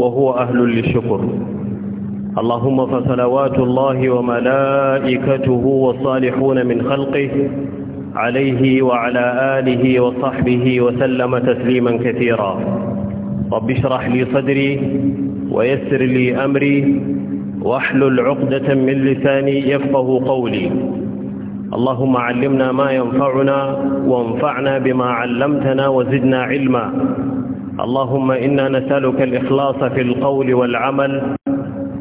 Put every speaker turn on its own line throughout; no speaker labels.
وهو أهل
للشكر
اللهم فصلوات الله وملائكته والصالحون من خلقه عليه وعلى آله وصحبه وسلم تسليما كثيرا رب اشرح لي صدري ويسر لي أمري واحلل عقدة من لساني يفقه قولي اللهم علمنا ما ينفعنا وانفعنا بما علمتنا وزدنا علما اللهم إنا نسألك الإخلاص في القول والعمل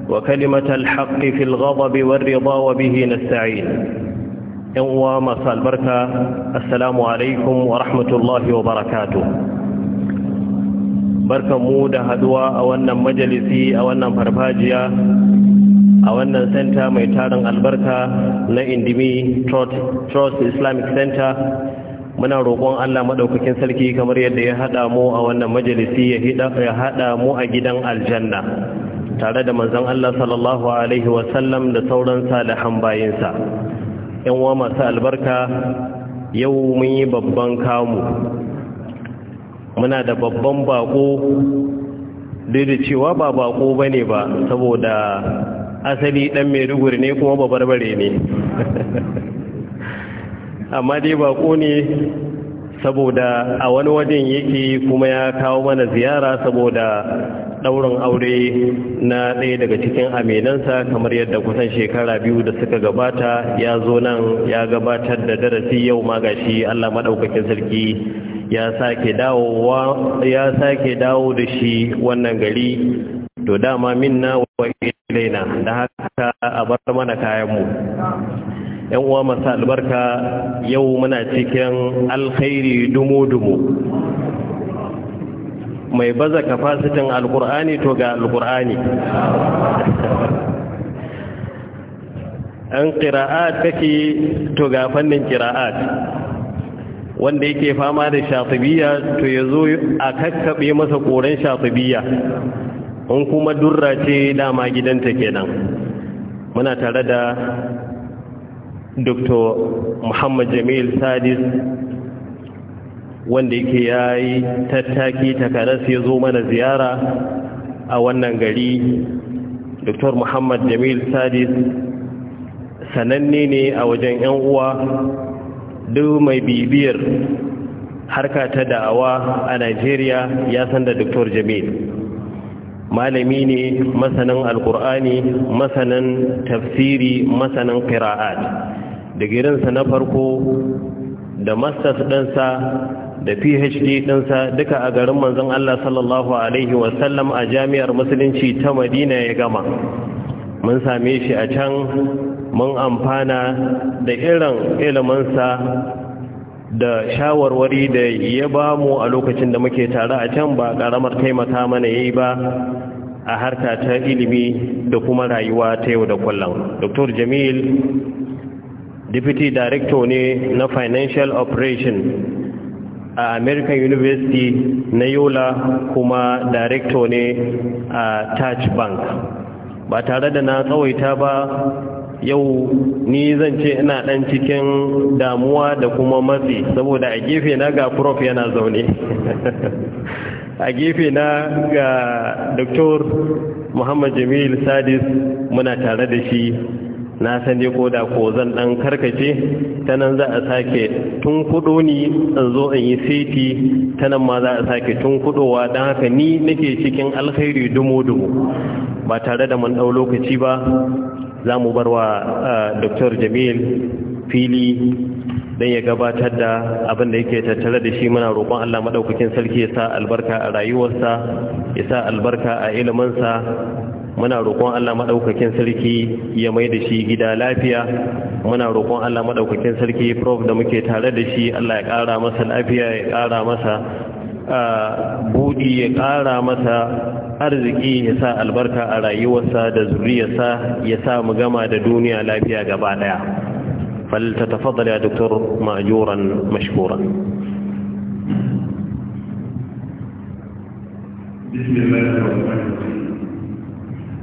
وكلمة الحق في الغضب والرضا وبه نستعين يوم مساء البركة السلام عليكم ورحمة الله وبركاته بركة مودة هدوى أولنا مجلسي أولنا فرفاجية a wannan center mai tarin albarka na indimi trust islamic center muna roƙon Allah maɗaukakin sarki kamar yadda ya hada mu a wannan majalisi ya hada mu a gidan aljanna tare da manzon Allah sallallahu alaihi wasallam da sauran salihan bayinsa yan uwa masu albarka yau mun yi babban kamu muna da babban bako duk da cewa ba bako bane ba saboda asali dan Maiduguri ne kuma babarbare ne amma dai baƙo ne saboda a wani wajen yake kuma ya kawo mana ziyara saboda ɗaurin aure na ɗaya daga cikin aminansa kamar yadda kusan shekara biyu da suka gabata ya zo nan ya gabatar da darasi yau ma gashi Allah maɗaukakin sarki ya sake dawo da shi wannan gari to dama minna wa ilaina da haka a bar mana kayan mu yan uwa masu albarka yau muna cikin alkhairi dumo-dumo mai baza kafasitin alkur'ani to ga alkur'ani an kira'at kake to ga fannin kira'at wanda yake fama da shatibiya to ya zo a kakkaɓe masa koren shatibiya in kuma durra ce dama gidanta kenan muna tare da dr muhammad jamil sadis wanda yake ya yi tattaki takanas ya zo mana ziyara a wannan gari dr muhammad jamil sadis sananne ne a wajen 'yan uwa duk mai bibiyar harka ta da'awa a Najeriya ya san da Dr. Jamil. Malami ne masanin alkur'ani masanin tafsiri, masanin ƙira'at. da gidansa na farko da masters ɗinsa da phd ɗinsa duka a garin manzon Allah sallallahu Alaihi wasallam a jami'ar musulunci ta madina ya gama mun same shi a can mun amfana da irin iliminsa da shawarwari da ya ba mu a lokacin da muke tare a can ba ƙaramar taimaka mana ya ba a harka ta ilimi da kuma rayuwa ta yau da kullum. Dr. Jamil deputy director ne na financial operation a american university na yola kuma director ne a touch bank ba tare da na tsawaita ba yau ni zan ce ina dan cikin damuwa da kuma matsi saboda a gefe na ga prof yana zaune a gefe na ga dr muhammad jamil sadis muna tare da shi na san dai ko da ko zan dan karkace ta nan za a sake tun kudo ni in zo in yi seti ta nan ma za a sake tun kudowa don haka ni nake cikin alkhairi dumo-dumo ba tare da mun ɗau lokaci ba za mu bar wa dr jamil fili don ya gabatar da abin da yake tattare da shi muna roƙon Allah maɗaukakin sarki ya sa albarka a rayuwarsa ya sa albarka a iliminsa muna roƙon Allah madaukakin sarki ya mai da shi gida lafiya muna roƙon Allah madaukakin sarki prof da muke tare da shi Allah ya ƙara masa lafiya ya ƙara masa budi ya ƙara masa arziki ya sa albarka a rayuwarsa da zuriyarsa ya sa mu gama da duniya lafiya gaba daya فلتتفضل يا دكتور مأجورا مشكورا
بسم الله الرحمن الرحيم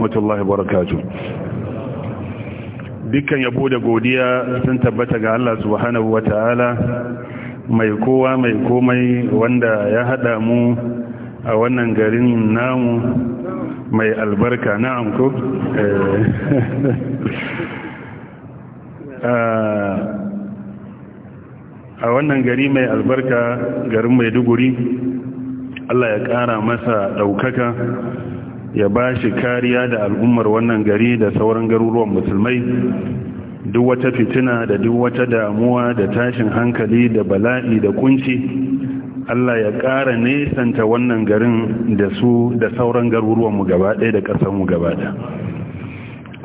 rahmatullahi barakatu dukkan yabo da godiya sun tabbata ga Allah subhanahu wata'ala mai kowa mai komai wanda ya hada mu a wannan garin namu mai albarka na'am ko eh. ah, a wannan gari mai albarka garin maiduguri Allah ya kara masa ɗaukaka ya ba shi kariya da al'ummar wannan gari da sauran garuruwan musulmai duk wata fitina da duk wata damuwa da tashin hankali da bala'i da kunci Allah ya ƙara nesanta wannan garin da su da sauran garuruwanmu gaba ɗaya da ƙasarmu gaba ɗaya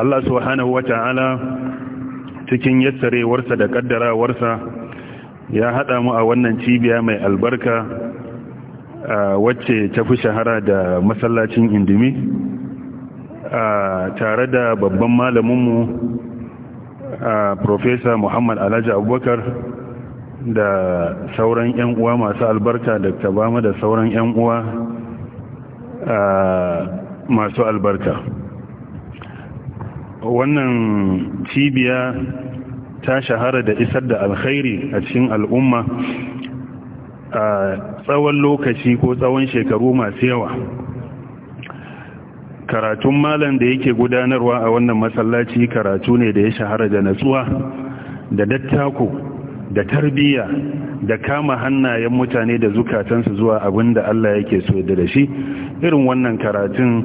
Allah subhanahu wata'ala cikin yassarewarsa da ƙaddarawarsa ya haɗa mu a wannan cibiya mai albarka wacce ta fi shahara da masallacin indimi tare da babban malaminmu profesa muhammad alhaji abubakar da sauran 'yan uwa masu albarka da tabama da sauran 'yan uwa masu albarka wannan cibiya ta shahara da isar da alkhairi a cikin al'umma A tsawon lokaci ko tsawon shekaru masu yawa karatun malam da yake gudanarwa a wannan masallaci karatu ne da ya shahara da natsuwa da dattako da tarbiyya da kama hannayen mutane da zukatansu zuwa abin da Allah yake so da shi irin wannan karatun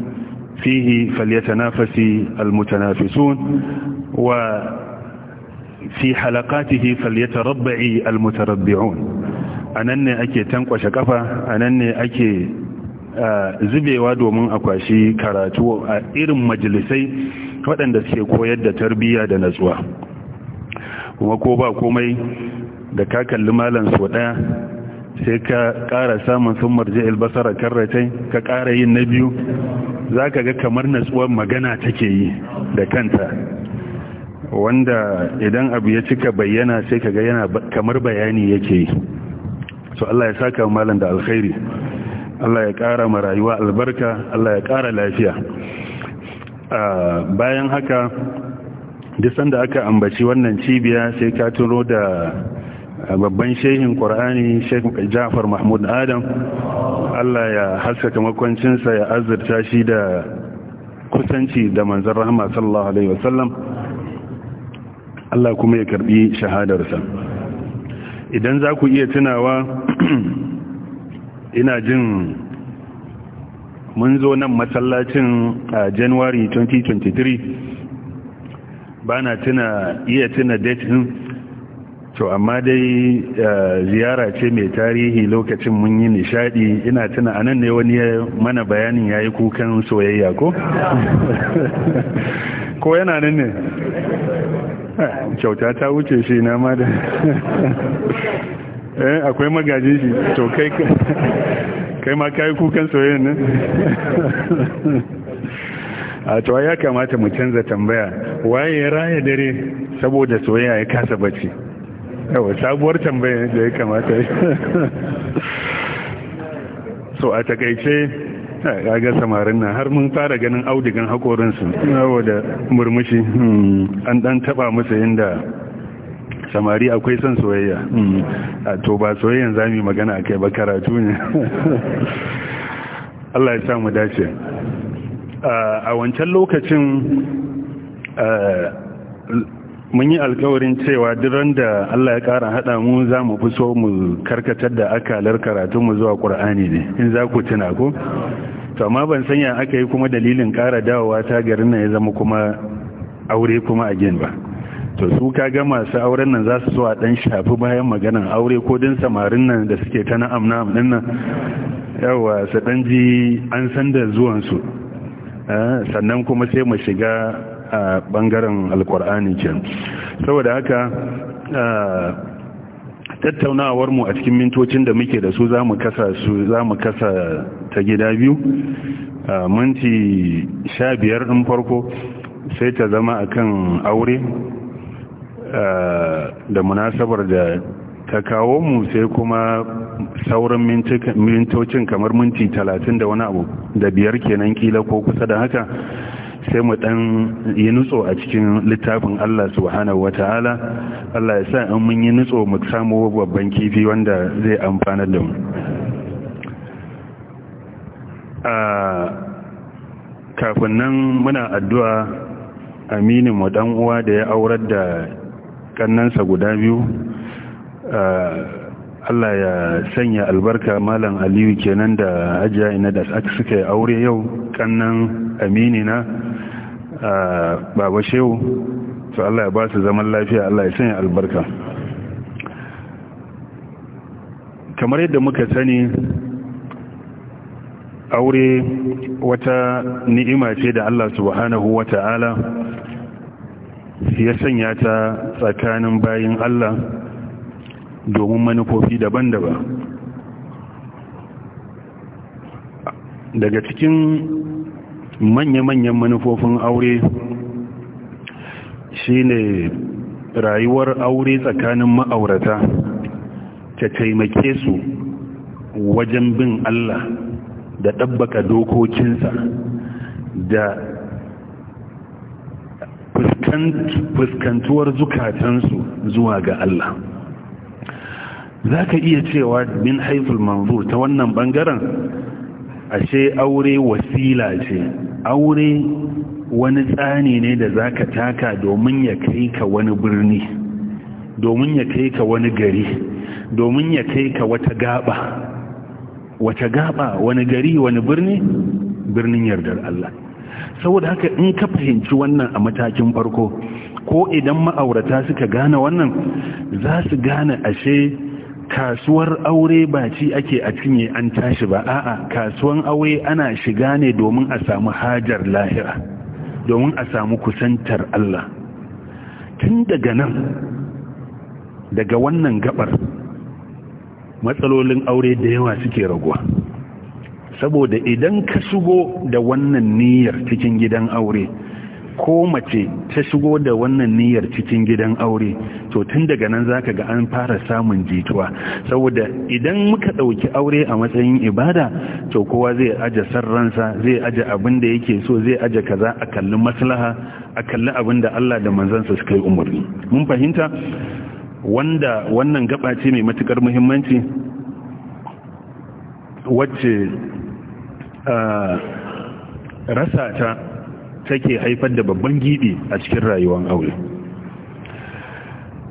fihi falyatanafasi almutanafisun wa fi halaqatihi falyatarabbi almutarabbi'un a nan ne ake tankwashe kafa a nan ne ake zubewa domin a kwashi karatu a irin majalisai waɗanda suke koyar da tarbiyya da natsuwa kuma ko ba komai da ka kalli malam so ɗaya sai ka ƙara samun sun marje albasara karratai ka ƙara yin na biyu za ka ga kamar natsuwar magana take yi da kanta wanda idan abu ya cika bayyana sai ka ga yana kamar bayani yake yi so Allah ya saka malam da alkhairi Allah ya ƙara ma rayuwa albarka Allah ya ƙara lafiya bayan haka duk sanda aka ambaci wannan cibiya sai ka turo da babban shehin ƙwar'ani sheikh jafar mahmud adam Allah ya haskaka makwancinsa ya azurta shi da kusanci da manzan rahama sallallahu alaihi wasallam Allah kuma ya karbi shahadarsa idan za ku iya tunawa ina jin mun zo nan masallacin a january 2023 ba na tuna iya tuna date din to amma dai eh, ziyara ce mai tarihi lokacin mun yi nishadi ina tuna anan ne wani mana bayanin ya yi kukan soyayya ko? ko yana nan ne kyauta ta wuce shi na ma da eh akwai magaji shi to kai kai ma kai kukan soyayya ne a to ya kamata mu canza tambaya waye ya raya dare saboda soyayya ya kasa bacci yawa sabuwar tambaya da ya kamata so a takaice ya ga samarin nan har mun fara ganin audigan haƙorinsu saboda murmushi hmm, an ɗan taɓa musu inda samari akwai son soyayya hmm, a to ba soyayyan za mu magana a kai ba karatu ne Allah ya samu dace a wancan lokacin eh, mun yi alkawarin cewa duran da Allah ya ƙara haɗa mu za mu fi mu karkatar da akalar mu zuwa ƙur'ani ne in za ku tuna ko to amma ban sanya aka yi kuma dalilin ƙara dawowa ta garin nan ya zama kuma aure kuma a ba to su ka ga masu auren nan za su so a ɗan shafi bayan maganan aure ko din samarin nan da suke ta na'am na'am ɗin nan yawa su ɗan ji an san da su eh, sannan kuma sai mu shiga a bangaren alkur'ani ke saboda haka tattaunawar mu a cikin mintocin da muke da su za mu kasa su za mu kasa ta gida biyu minti sha biyar ɗin farko sai ta zama akan aure da munasabar da ta kawo mu sai kuma sauran mintocin kamar minti talatin da wani abu da biyar kenan kila ko kusa da haka sai mu dan yi nutso a cikin littafin Allah subhanahu wata'ala Allah ya sa in mun yi nutso mu samu babban kifi wanda zai amfana da mu a kafin nan muna addu'a aminin mu dan uwa da ya aurar da kannansa guda biyu Allah ya sanya albarka malam Aliyu kenan da ajiya ina da suka yi aure yau kannan aminina. baba shehu to Allah ya ba su zaman lafiya Allah ya sanya albarka kamar yadda muka sani aure wata ni'ima ce da Allah subhanahu wa ta'ala ya sanya ta tsakanin bayin Allah domin manufofi daban-daban daga cikin manya-manyan manufofin aure shine rayuwar aure tsakanin ma'aurata ta taimake su wajen bin Allah da ɗabbaka dokokinsa da fuskantuwar zukatansu zuwa ga Allah za ka iya cewa bin haiful manzur ta wannan bangaren ashe aure wasila ce aure wani tsani ne da za ka taka domin ya kai ka wani birni domin ya kai ka wani gari domin ya kai ka wata gaba wata gaba wani gari wani birni birnin yardar Allah saboda haka in ka fahimci wannan a matakin farko ko idan ma'aurata suka gane wannan za su gane ashe kasuwar aure ba ci ake a cinye an tashi ba a'a kasuwan aure ana shiga ne domin a samu hajar lahira domin a samu kusantar Allah tun daga nan daga wannan gabar matsalolin aure da yawa suke raguwa saboda idan ka shigo da wannan niyyar cikin gidan aure ko mace ta shigo da wannan niyyar cikin gidan aure to tun daga nan zaka ga an fara samun jituwa saboda idan muka ɗauki aure a matsayin ibada to kowa zai aje sarransa zai aje abin da yake so zai aje kaza a kalli maslaha a kalli abin da Allah da manzansa suka yi umarni mun fahimta wanda wannan gaba ce mai matukar muhimmanci wacce ah, rasa ta take haifar da babban giɗi a cikin rayuwar aure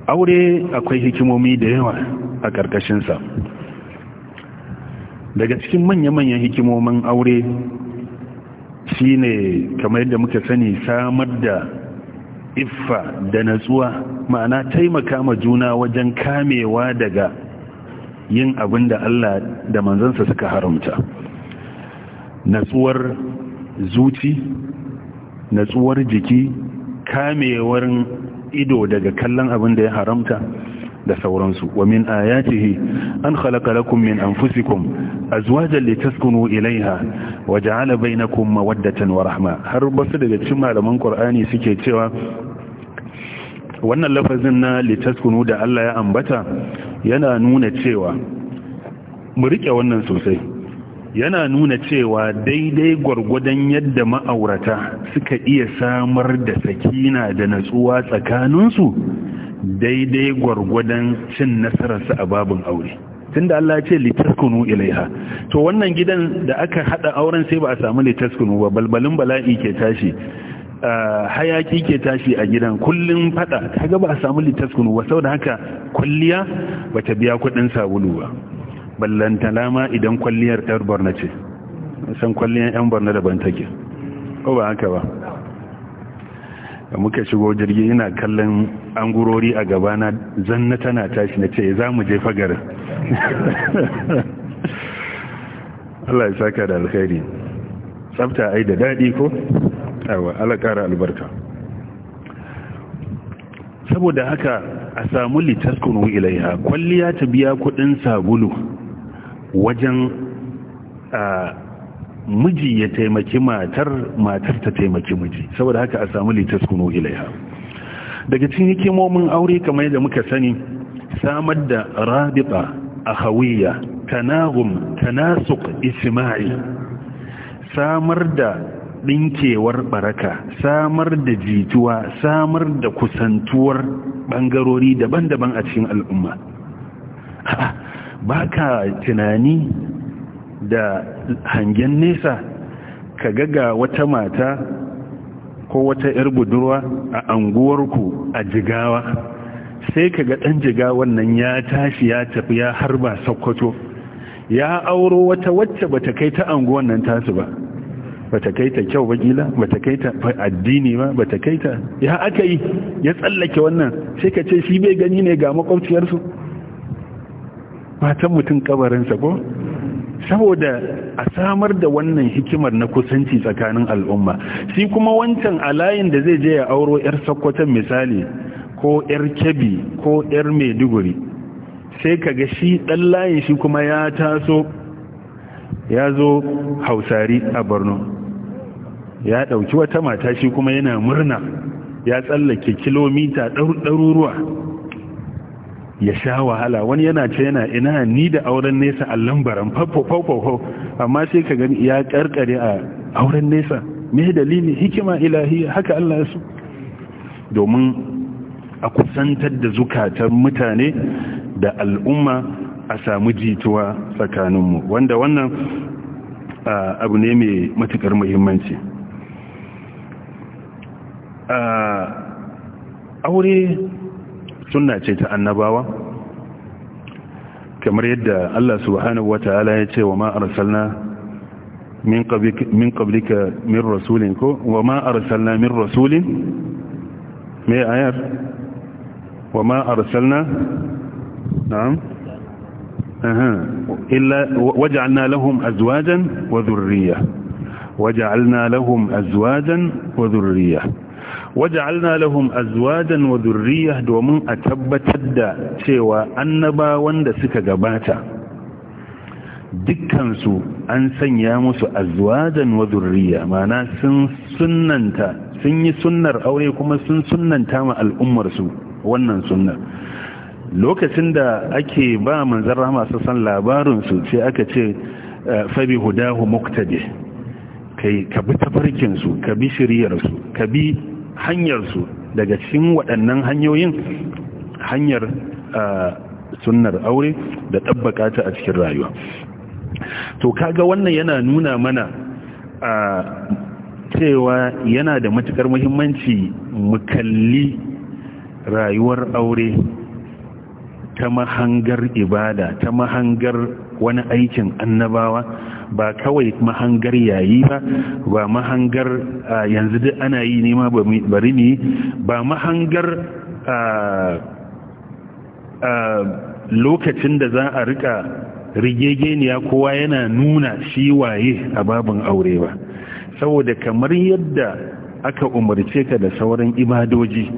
aure akwai hikimomi da yawa a ƙarƙashinsa daga cikin manya-manyan hikimomin aure shine kamar yadda muka sani samar da iffa da natsuwa ma'ana taimaka ma juna wajen kamewa daga yin abin da Allah da manzansa suka haramta natsuwar zuci natsuwar jiki kamewar ido daga kallon abin da ya haramta da sauransu wa min ayatihi an khalaqa lakum min anfusikum azwajan litaskunu ilaiha wa ja'ala bainakum mawaddatan wa rahma har basu daga cikin malaman qur'ani suke cewa wannan lafazin na litaskunu da Allah ya ambata yana nuna cewa mu rike wannan sosai yana nuna cewa daidai gwargwadon yadda ma'aurata suka iya samar da sakina da natsuwa tsakaninsu daidai gwargwadon cin nasararsu a babin aure tunda Allah ce litaskunu ilaiha to wannan gidan da aka hada auren sai ba a samu litaskunu ba balbalin bala'i ke tashi hayaki ke tashi a gidan kullum fada kaga ba a samu litaskunu ba saboda haka kulliya bata biya kudin sabulu ba ballantana ma idan kwalliyar ɗar Borna ce san kwalliyar 'yan barna da take ko ba haka ba da muka shigo jirgi yana kallon an gurori a gabana zanna tana tashi na ce eh, za mu je fagara Allah ya saka da alkhairi tsabta ai da daɗi ko? awa alakara albarka saboda haka a samu litaskunu ilaiha kwalliya ta biya kudin sabulu wajen miji ya taimaki matar matar ta taimaki miji saboda haka a samu litaskunu ilaiha daga cikin hikimomin aure kamar yadda muka sani samar da rabita hawiya tanagum tanasuk isma'i samar da ɗinkewar baraka samar da jituwa samar da kusantuwar ɓangarori daban-daban a cikin al'umma ba ka tunani da hangen nesa ka gaga wata mata ko wata 'yar budurwa a anguwarku a jigawa sai ka ga ɗan jigawan nan ya tashi ya tafi ya harba sokoto ya auro wata wacce bata kai ta anguwan nan tasu ba bata kai ta kyau Ba bata kai ta addini ba bata kai ta ya aka yi ya tsallake wannan sai ka ce shi bai gani ne ga makwabciyarsu matan mutum kabarinsa ko saboda a samar da wannan hikimar na kusanci tsakanin al'umma shi kuma wancan a layin da zai je ya auro 'yar sakkwatan misali ko 'yar kebi ko 'yar maiduguri sai ka ga shi ɗan layin shi kuma ya taso ya zo hausari a borno ya ɗauki wata mata shi kuma yana murna ya tsallake kilomita ɗaruruwa ya sha wahala wani yana ce yana ina ni da auren nesa a lambaran fafafafafo amma sai ka gani ya karkare a auren nesa me dalili hikima ilahiya haka Allah ya so domin a kusantar da zukatan mutane da al'umma a samu jituwa tsakaninmu wanda wannan abu ne mai matukar muhimmanci aure sunna ce ta annabawa kamar yadda Allah subhanahu wata'ala ya ce wa ma arsalna min qablika min rasulin ko wa ma arsalna min rasulin me ayar wa ma arsalna na'am aha illa waj'alna lahum azwajan wa dhurriyya waj'alna lahum azwajan wa dhurriyya waja'alna lahum azwajan wa dhurriyyah domin a tabbatar da cewa naba wanda suka gabata dukkansu an sanya musu azwajan wa dhurriyya ma'ana sun sunnanta sun yi sunnar aure kuma sun sunnanta ma al'ummar su wannan sunna lokacin da ake ba manzon rahama san labarin su sai aka ce fa bi hudahu muqtadi kai ka bi tafarkin su ka bi shiriyar su ka bi Hanyar su daga cikin waɗannan hanyoyin hanyar sunnar aure da ɗabbaka ta a cikin rayuwa to kaga wannan yana nuna mana a cewa yana da matukar muhimmanci mu kalli rayuwar aure ta mahangar ibada ta mahangar wani aikin annabawa ba kawai mahangar yayi ba ba mahangar yanzu duk ana yi nema bari ne ba mahangar lokacin da za a rika rigegeniya kowa yana nuna shi waye a babin aure ba saboda kamar yadda aka umarce ka da sauran ibadoji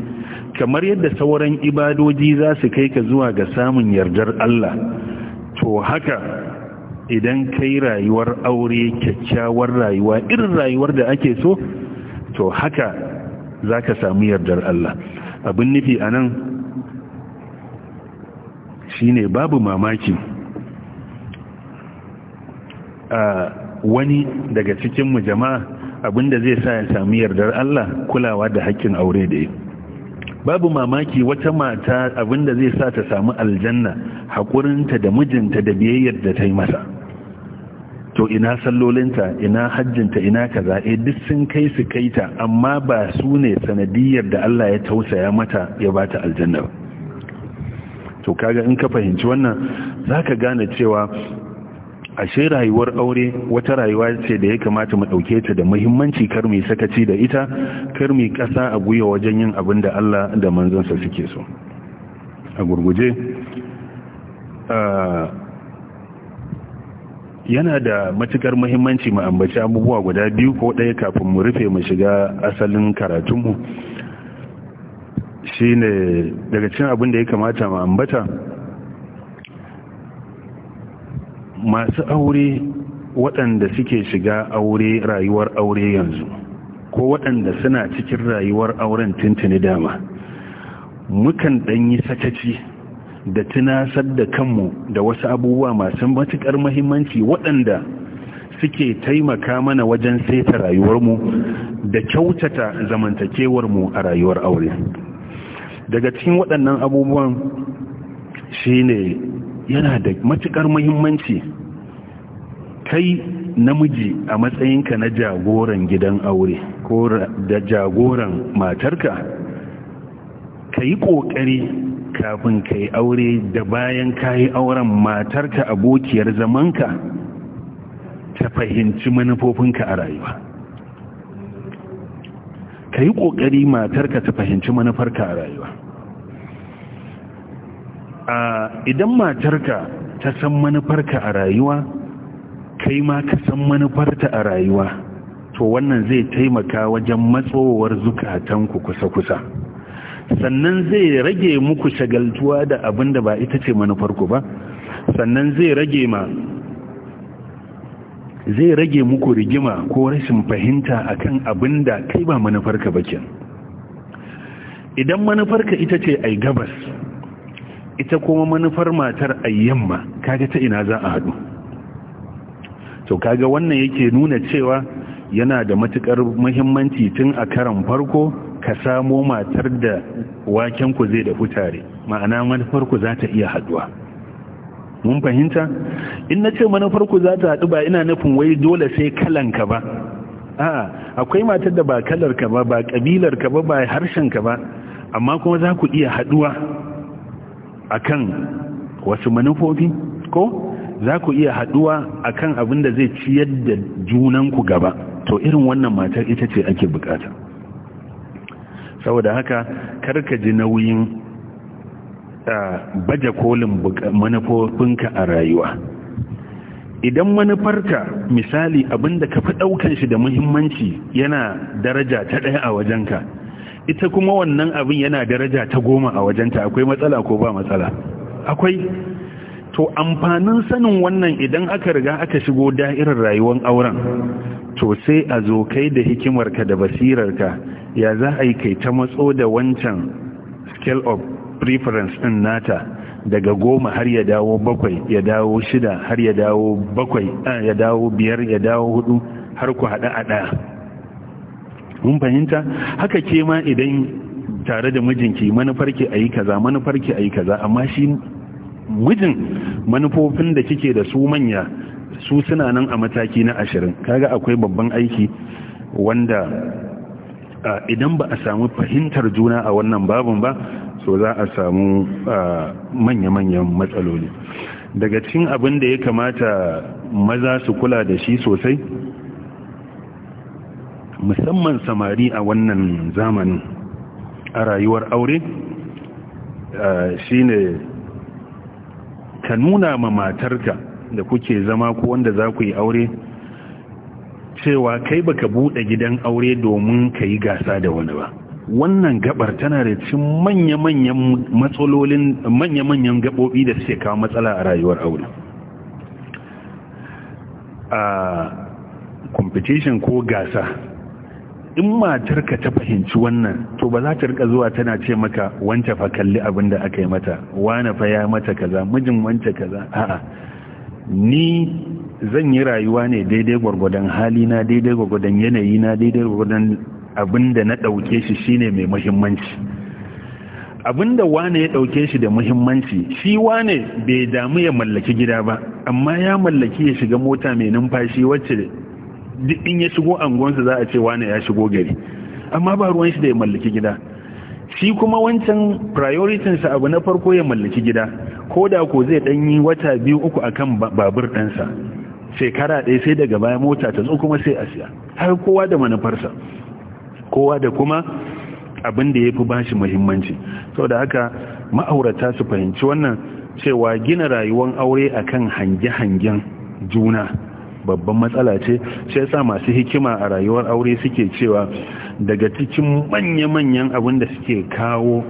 kamar yadda sauran ibadoji za su kai ka zuwa ga samun yardar Allah to haka idan kai rayuwar aure kyakkyawar rayuwa irin rayuwar da ake so to haka za ka sami yardar Allah abin nufi a nan shi ne babu mamaki a wani daga cikin mu jama'a abin da zai sa ya sami yardar Allah kulawa da haƙƙin aure da yi babu mamaki wata mata abinda zai sa ta samu aljanna haƙurinta da mijinta da biyayyar da ta yi masa to ina sallolinta ina hajjinta ina kaza eh duk sun kai su kai ta amma ba su ne sanadiyar da Allah ya tausaya mata ya bata aljanna ba to kaga in ka fahimci wannan zaka gane cewa ashe rayuwar aure wata rayuwa ce da ya kamata mu ɗauke ta da muhimmanci kar mu sakaci da ita kar mu ƙasa a guya wajen yin abin da Allah da manzansa suke so a gurguje yana da matukar muhimmanci mu ambaci abubuwa guda biyu ko ɗaya kafin mu rufe mu shiga asalin karatunmu shine daga cikin abin da ya kamata mu ambata masu aure waɗanda suke shiga aure rayuwar aure yanzu ko waɗanda suna cikin rayuwar auren tuntuni dama mukan ɗanyi sakaci da tunasar da kanmu da wasu abubuwa masu matuƙar mahimmanci waɗanda suke taimaka mana wajen saita rayuwarmu da kyautata mu a rayuwar aure daga cikin waɗannan abubuwan shine yana da matukar muhimmanci kai namiji a matsayinka na jagoran gidan aure ko da jagoran matarka ka yi ƙoƙari kafin ka yi aure da bayan ka yi auren matarka abokiyar zamanka ta fahimci manufofinka a rayuwa ka yi ƙoƙari matarka ta fahimci manufarka a rayuwa A idan matarka ta san manufarka a rayuwa kai ma ka san manufarta a rayuwa to wannan zai taimaka wajen matsowar zukatanku kusa-kusa sannan zai rage muku shagaltuwa da abin da ba ita ce manufarku ba sannan zai rage ma zai rage muku rigima ko rashin fahimta akan abin da kai ba manufarka ba ke idan manufarka ita ce ai gabas ita kuma manufar matar a yamma kaga ta ina za a haɗu to kaga wannan yake nuna cewa yana da matukar muhimmanci tun a karan farko ka samo matar da wakenku zai da tare ma'ana manufarku za ta iya haduwa mun fahimta in na ce manufarku za ta haɗu ba ina nufin wai dole sai kalanka ba a'a akwai matar da ba kalarka ba ba ƙabilarka ba ba harshenka ba amma kuma za ku iya haduwa akan wasu manufofi ko za ku iya haɗuwa kan abin da zai ciyar da junanku gaba to irin wannan matar ita ce ake bukata saboda haka karka ji nauyin baje kolin manufofinka a rayuwa idan manufarka misali abinda ka fi ɗaukan shi da muhimmanci yana daraja ta ɗaya a wajenka ita kuma wannan abin yana daraja ta goma a wajenta akwai matsala ko ba matsala akwai to amfanin sanin wannan idan aka riga aka shigo da'irar rayuwar auren to sai a zo kai da hikimarka da basirarka ya za a yi kai ta matso da wancan scale of preference din nata daga goma har ya dawo bakwai ya dawo shida har ya dawo bakwai eh, ya dawo biyar ya dawo hudu har ku haɗa a ɗaya mun fahimta haka ke ma idan tare da mijinki manufar a yi kaza manufar a yi kaza amma shi mijin manufofin da kike da su manya su suna nan a mataki na ashirin kaga akwai babban aiki wanda idan ba a samu fahimtar juna a wannan babin ba so za a samu manya-manyan matsaloli daga cikin abin da ya kamata maza su kula da shi sosai musamman samari a wannan zamanin a rayuwar aure shine ka nuna ma matarka da kuke zama ko wanda za ku yi aure cewa kai baka bude gidan aure domin ka yi gasa da wani ba wannan gabar tana da cin manya-manyan matsalolin manya-manyan gabobi da suke kawo matsala a rayuwar aure a competition ko gasa in matarka ta fahimci wannan to ba za ta rika zuwa tana ce maka wance fa kalli abin da aka yi mata wane fa ya mata kaza mijin wance kaza a'a ni zan yi rayuwa ne daidai gwargwadon na daidai gwargwadon na daidai gwargwadon abin da na ɗauke shi shine mai muhimmanci abin da wane ya ɗauke shi da muhimmanci shi wane bai damu ya mallaki gida ba amma ya mallaki ya shiga mota mai numfashi wacce duk in ya shigo anguwansa za a ce wane ya shigo gari amma ba ruwan shi da ya mallaki gida shi kuma wancan sa abu na farko ya mallaki gida ko da ko zai yi wata biyu uku akan babur ɗansa shekara ɗaya sai daga baya mota ta zo kuma sai a siya har kowa da manufarsa kowa da kuma abin da ya fi bashi muhimmanci saboda haka ma'aurata su fahimci wannan cewa gina rayuwar aure akan hange-hangen juna babban matsala ce shi yasa masu hikima a rayuwar aure suke cewa daga cikin manya-manyan abin da suke kawo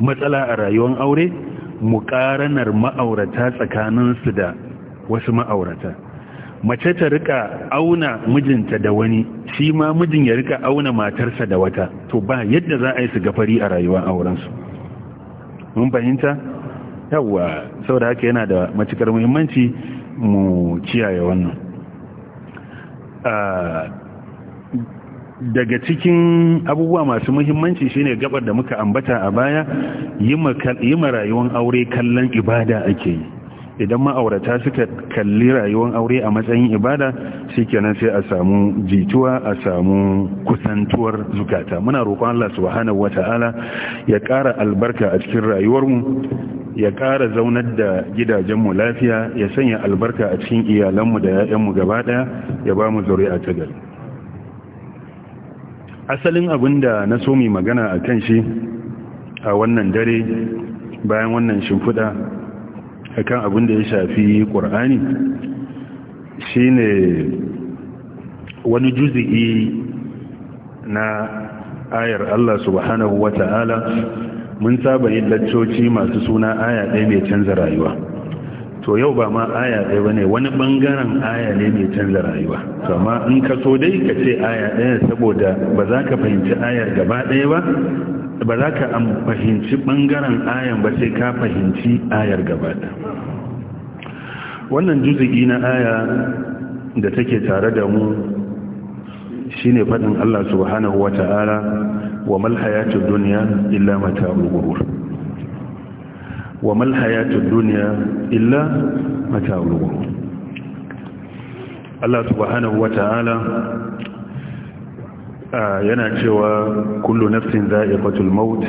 matsala a rayuwar aure muƙaranar ma'aurata tsakaninsu da wasu ma'aurata mace ta rika auna mijinta da wani shi ma mijin ya rika auna matarsa da wata to ba yadda za a yi su gafari a rayuwar aurensu mun fahimta yawwa saboda haka yana da matukar muhimmanci mu kiyaye wannan daga cikin abubuwa masu muhimmanci shine gabar da muka ambata a baya yi ma rayuwar aure kallon ibada ake yi idan ma'aurata suka kalli rayuwar aure a matsayin ibada kenan sai a samu jituwa a samu kusantuwar zukata muna roƙon Allah subhanahu wata'ala ya ƙara albarka a cikin rayuwarmu ya ƙara zaunar da gidajenmu lafiya ya sanya albarka a cikin iyalanmu da 'ya'yanmu gaba ɗaya ya ba mu zuri'a ta gari asalin abin da na so mai magana a kan shi a wannan dare bayan wannan shimfiɗa akan abin da ya shafi ƙur'ani shine wani juzi'i na ayar Allah subhanahu wa ta'ala mun saba yin laccoci masu suna aya ɗaya mai canza rayuwa to yau ba ma aya ɗaya ba ne wani ɓangaren aya ne mai canza rayuwa To amma in ka so dai ka ce aya ɗaya saboda ba za ka fahimci ayar gaba ɗaya ba ba za ka fahimci ɓangaren ayan ba sai ka fahimci ayar gabaɗa wannan juzugi na aya da take tare da mu shine faɗin Allah subhanahu wa ta'ala wa malhayatun duniya illa mata ulgurur wa malhayatun duniya illa mata ulgurur Allah subhanahu wa ta'ala yana cewa kullu nafsin za'iqatul maut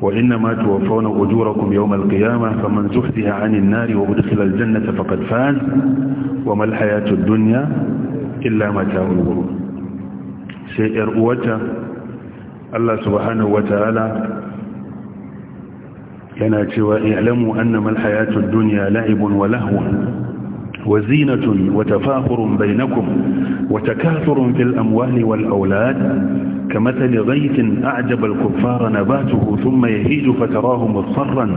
wa innama tuwaffawna ujurakum yawmal qiyamah faman zuhziha 'anil nari wa udkhila al-jannata faqad faz wa mal hayatud dunya illa mata'ul ghurur sai yar uwata Allah subhanahu wa ta'ala yana cewa i'lamu annama al-hayatud dunya la'ibun wa lahwun وزينة وتفاخر بينكم وتكاثر في الأموال والأولاد كمثل غيث أعجب الكفار نباته ثم يهيج فتراه مصرا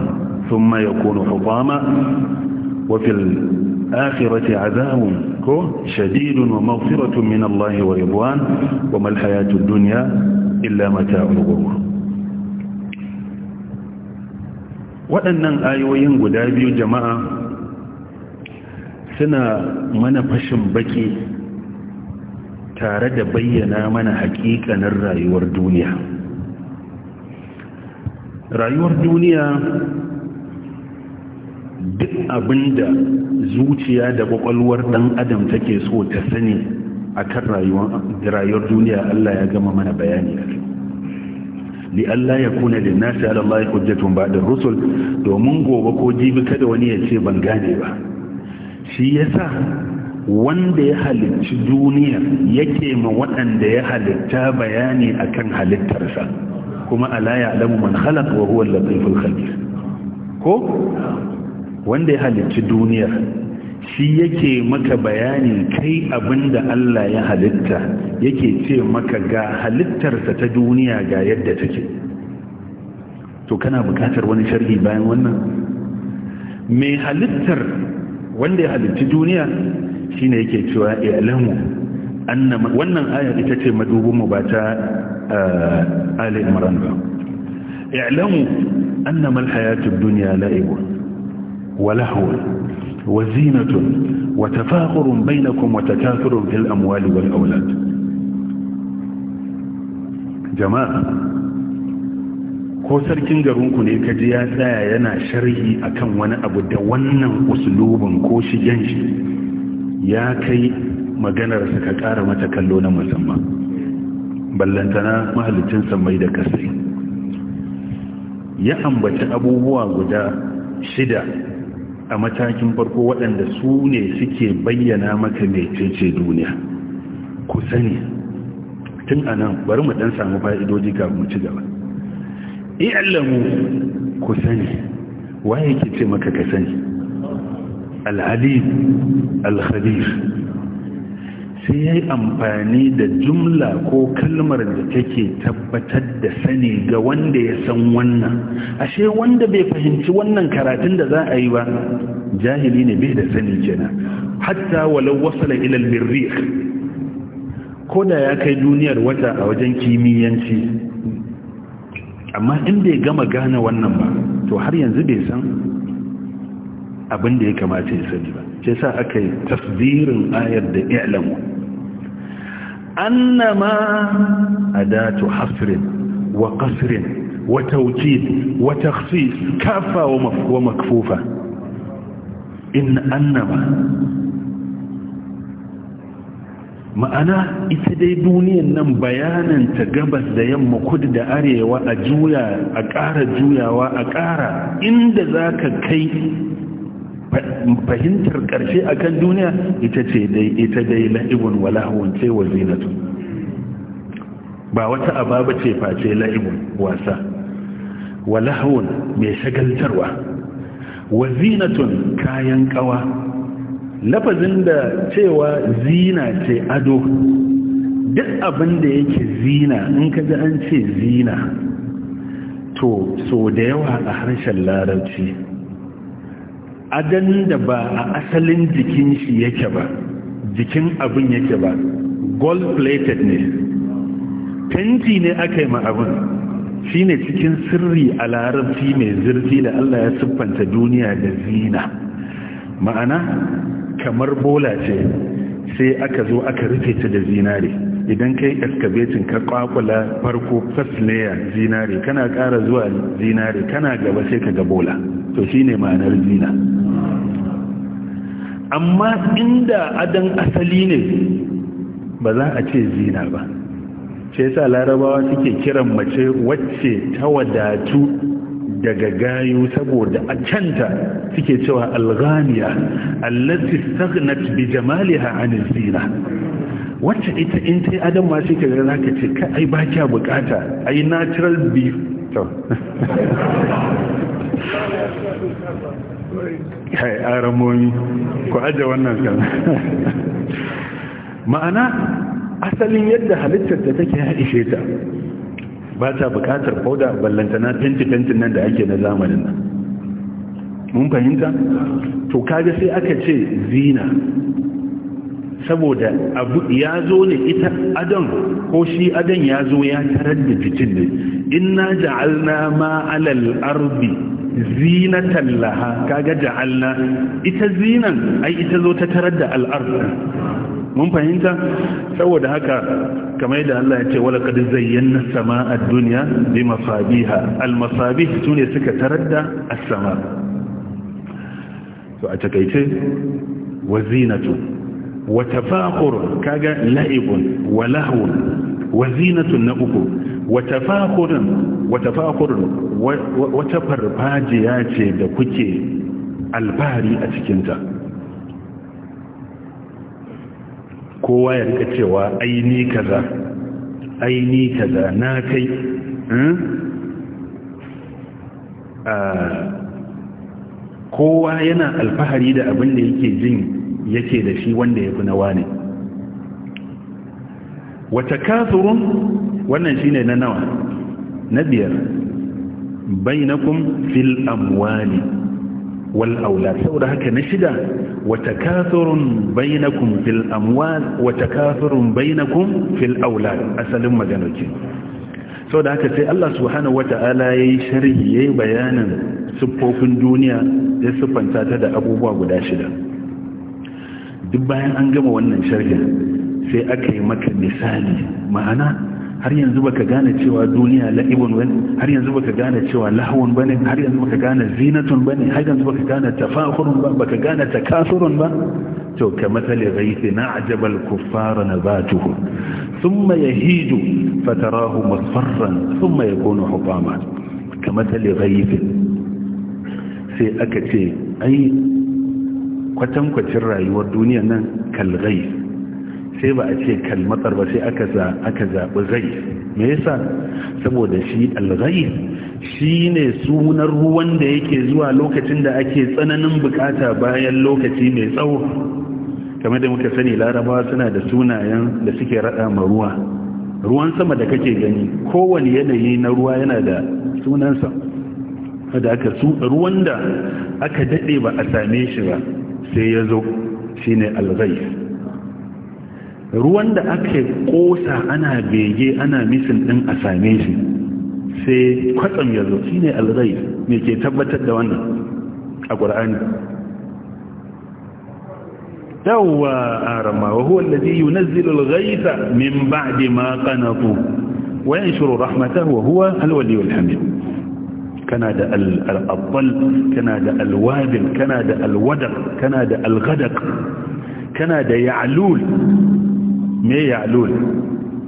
ثم يكون حطاما وفي الآخرة عذاب شديد ومغفرة من الله ورضوان وما الحياة الدنيا إلا متاع الغرور waɗannan ayoyin guda biyu jama'a suna mana fashin baki tare da bayyana mana hakikanin rayuwar duniya rayuwar duniya duk abinda zuciya da kwakwalwar dan adam take so ta sani akan rayuwar duniya Allah ya gama mana bayani a li Allah ya kuna da nasi ala Allah ya kujjatun ba da rusul domin gobe ko jibi kada wani ya ce ban gane ba shi yasa wanda ya halicci duniya yake ma waɗanda ya halitta bayani akan halittarsa kuma ala ya alamu man khalaq wa huwa al-latiful khabir ko wanda ya halicci duniyar shi yake maka bayani kai abinda Allah ya halitta yake ce maka ga halittarsa ta duniya ga yadda take to kana bukatar wani sharhi bayan wannan mai halittar wanda ya halitta duniya shine yake cewa i'lamu annam wannan aya ita ce madubun mu ba ta ali imran ba i'lamu anna mal hayatud dunya la'ib wa lahwun wa zinatu wa tafakhur bainakum wa takathur fil amwali wal aulad jama'a ko sarkin garinku ne ka ji ya tsaya yana sharhi akan wani abu da wannan usulubin ko shigen shi ya kai maganarsa ka ƙara mata kallo na musamman ballantana mahalicin mai da kasai ya ambaci abubuwa guda shida a matakin farko waɗanda su ne suke bayyana maka mecece duniya ku sani tun anan bari mu ɗan samu fa'idoji kafin mu ci gaba i'lamu ku sani waye yake ce maka ka sani al-alim al-khabir sai yayi amfani da jumla ko kalmar da take tabbatar da sani ga wanda ya san wannan ashe wanda bai fahimci wannan karatun da za a yi ba jahili ne bai da sani kenan hatta walau wasala ila al-birrikh ko da ya kai duniyar wata a wajen kimiyyanci amma in bai gama gane wannan ba to har yanzu bai san abin da ya kamata ya sani ba ce sa aka yi tasbirin ayar da ilamu annama adatu hasrin wa qasrin wa tawkid wa takhsis kafa wa makfufa in annama ma'ana ita dai duniyan nan bayanan ta gabas da yamma kudu da arewa a juya a ƙara juyawa a ƙara inda za ka kai fahimtar ƙarshe a kan duniya ita ce dai ita dai la'ibun zinatu ba wata ababa ce face la'ibun wasa wa mai shagaltarwa wa zinatun kayan ƙawa lafazin da cewa zina ce ado duk abin da yake zina in ka ji an ce zina to so da yawa a harshen larabci adan da ba a asalin jikin shi yake ba jikin abin yake ba gold plated ne fenti ne aka yi ma abin ne cikin sirri a larabci mai zurfi da Allah ya siffanta duniya da zina ma'ana kamar bola ce sai aka zo aka rufe ta da zinare idan kai excavation ka kwakula farko first layer zinare kana kara zuwa zinare kana gaba sai ka ga bola to shine ma'anar zina amma inda adan asali ne ba za a ce zina ba sai sa larabawa suke kiran mace wacce ta wadatu daga gayu saboda a canta suke cewa alghaniya allati staghnat bi jamaliha an zina wacce ita in tai adam ma sai kaga zaka ce ka ai ba kya bukata ai natural be to kai aramoni ko aje wannan kan ma'ana asalin yadda halittar ta take ya ishe ta ba ta bukatar fauda ballantana fenti-fentin nan da ake na zamanin nan mun fahimta to kaga sai aka ce zina saboda abu ya zo ne ita adon ko shi adon ya zo ya tarar da fitin ne inna ja'alna ma alal ardi zinatan laha kaga ja'alna ita zinan ai ita zo ta tarar da al'ard mun fahimta saboda haka kamar yadda Allah ya ce wala kad zayyana samaa dunya bi masabiha al-masabih sune suka taradda as-sama to a takeice wazinatu wa tafakhur kaga la'ibun wa lahwun wazinatu na uku wa tafakhurun wa tafakhurun wata farfajiya ce da kuke albari a cikinta kowa ya rika cewa aini kaza aini kaza na kai hmm? ah, kowa yana alfahari da abin da yake jin yake da shi wanda ya fi na wane wata kasurun wannan shi ne na nawa na biyar kun fil amwali wal aula saboda haka na shida wata takathurun bainakun fil amwal wata takathurun bainakun fil aulad asalin magana ce saboda haka sai Allah suhana wata'ala yayi sharhi yayi bayanin siffofin duniya ya siffanta ta da abubuwa guda shida duk bayan an gama wannan sharhin sai aka yi maka misali ma'ana har yanzu baka gane cewa duniya la'ibun wani har yanzu baka gane cewa lahawun ba ne har yanzu baka gane zinatun ne har yanzu baka gane tafahurun ba baka gane takasurun ba to ka matsali ghaithi na'jaba al-kuffara nabatuhu thumma yahiju fatarahu musfarran thumma yakunu hutama ka matsali ghaithi sai aka ce ai kwatankwacin rayuwar duniya nan kalgai. sai ba a ce kalmatar ba sai aka zaɓi zai me yasa saboda shi alghayr shi ne sunan ruwan da yake zuwa lokacin da ake tsananin bukata bayan lokaci mai tsawo kamar da muka sani larabawa suna da sunayen da suke raɗa ma ruwa ruwan sama da kake gani kowane yanayi na ruwa yana da sunansa da aka ruwan da aka daɗe ba a same shi ba sai ya zo shi ne ruwan da aka kosa ana bege ana misin din a same shi sai kwatsam ya zo shine alrai me ke tabbatar da wannan a qur'ani yawwa arama wa huwa alladhi yunzilu alghaytha min ba'di ma qanatu wa yanshuru rahmatahu wa huwa alwaliyyul hamid kana da al'abbal kana da alwadin kana da alwadar kana da alghadaq kana da ya'lul me ya alul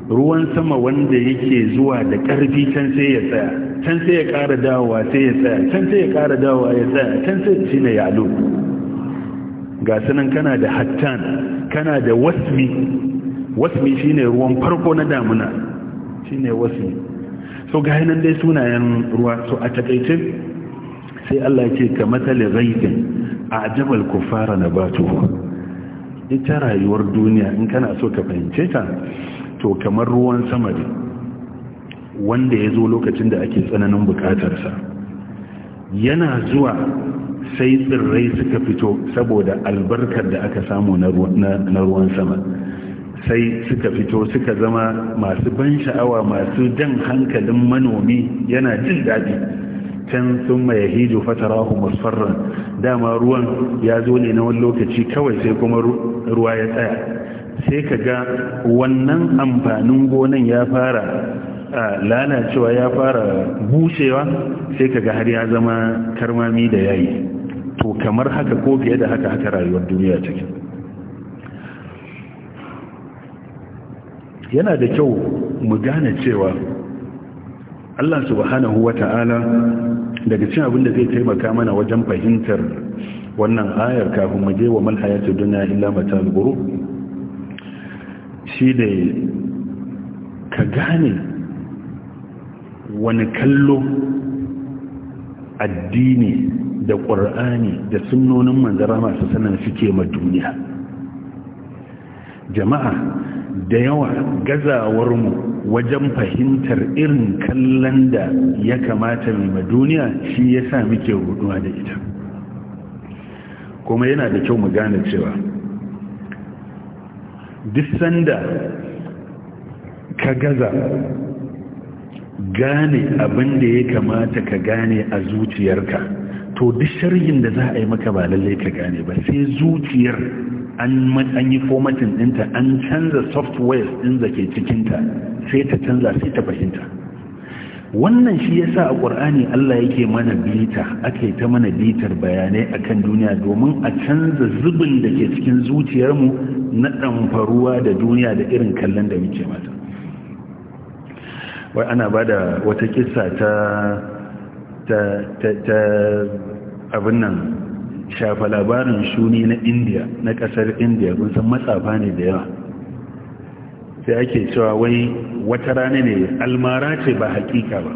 ruwan sama wanda yake zuwa da ƙarfi can sai ya tsaya can sai ya ƙara dawowa sai ya tsaya can sai ya ƙara dawowa ya tsaya can sai shi ne ya alul ga sanan kana da hattan kana da wasmi wasmi ne ruwan farko na damuna shi ne wasmi so ga nan dai sunayen ruwa so a takaice sai Allah ya ce ka matsalin raifin a ajabal kufara na batuhu ita rayuwar duniya in kana so ka fahimce ta to kamar ruwan sama ne wanda ya zo lokacin da ake tsananin bukatarsa yana zuwa sai tsirrai suka fito saboda albarkar da aka samu na ruwan sama sai suka fito suka zama masu ban sha'awa masu jan hankalin manomi yana jin daɗi can sun mai hijo fatarahu musfarran dama ruwan ya zo ne na wani lokaci kawai sai kuma ruwa ya tsaya sai ka ga wannan amfanin gonan ya fara lalacewa ya fara bushewa sai ka ga har ya zama karmami da yayi to kamar haka ko fiye da haka haka rayuwar duniya take yana da kyau mu gane cewa Allah subhanahu wa ta'ala daga cin abin da zai taimaka mana wajen fahimtar wannan ayar kafin mu je wa mal duniya dunya illa matal ghurur shi da ka gane wani kallo addini da ƙur'ani da sunnonin manzara masu sanar suke ma duniya jama'a da yawa gazawarmu wajen fahimtar irin kallon da ya kamata ma duniya shi ya sa muke ruduwa da ita kuma yana da kyau mu gane cewa duk sanda ka gaza gane abin da ya kamata ka gane a zuciyarka to duk sharhin da za a yi maka ba lallai ka gane ba sai zuciyar an yi formatin dinta, an canza software ɗin da ke cikinta sai ta canza sai ta fahimta wannan shi yasa a ƙur'ani Allah yake mana bita ake ta mana bitar bayanai akan duniya domin a canza zubin da ke cikin zuciyarmu na faruwa da duniya da irin kallon da muke mata wai ana ba da wata kisa ta ta abin nan shafa labarin shuni na indiya na kasar indiya kun san matsafa ne da yawa sai ake cewa wai wata rana ne almara ce ba hakika ba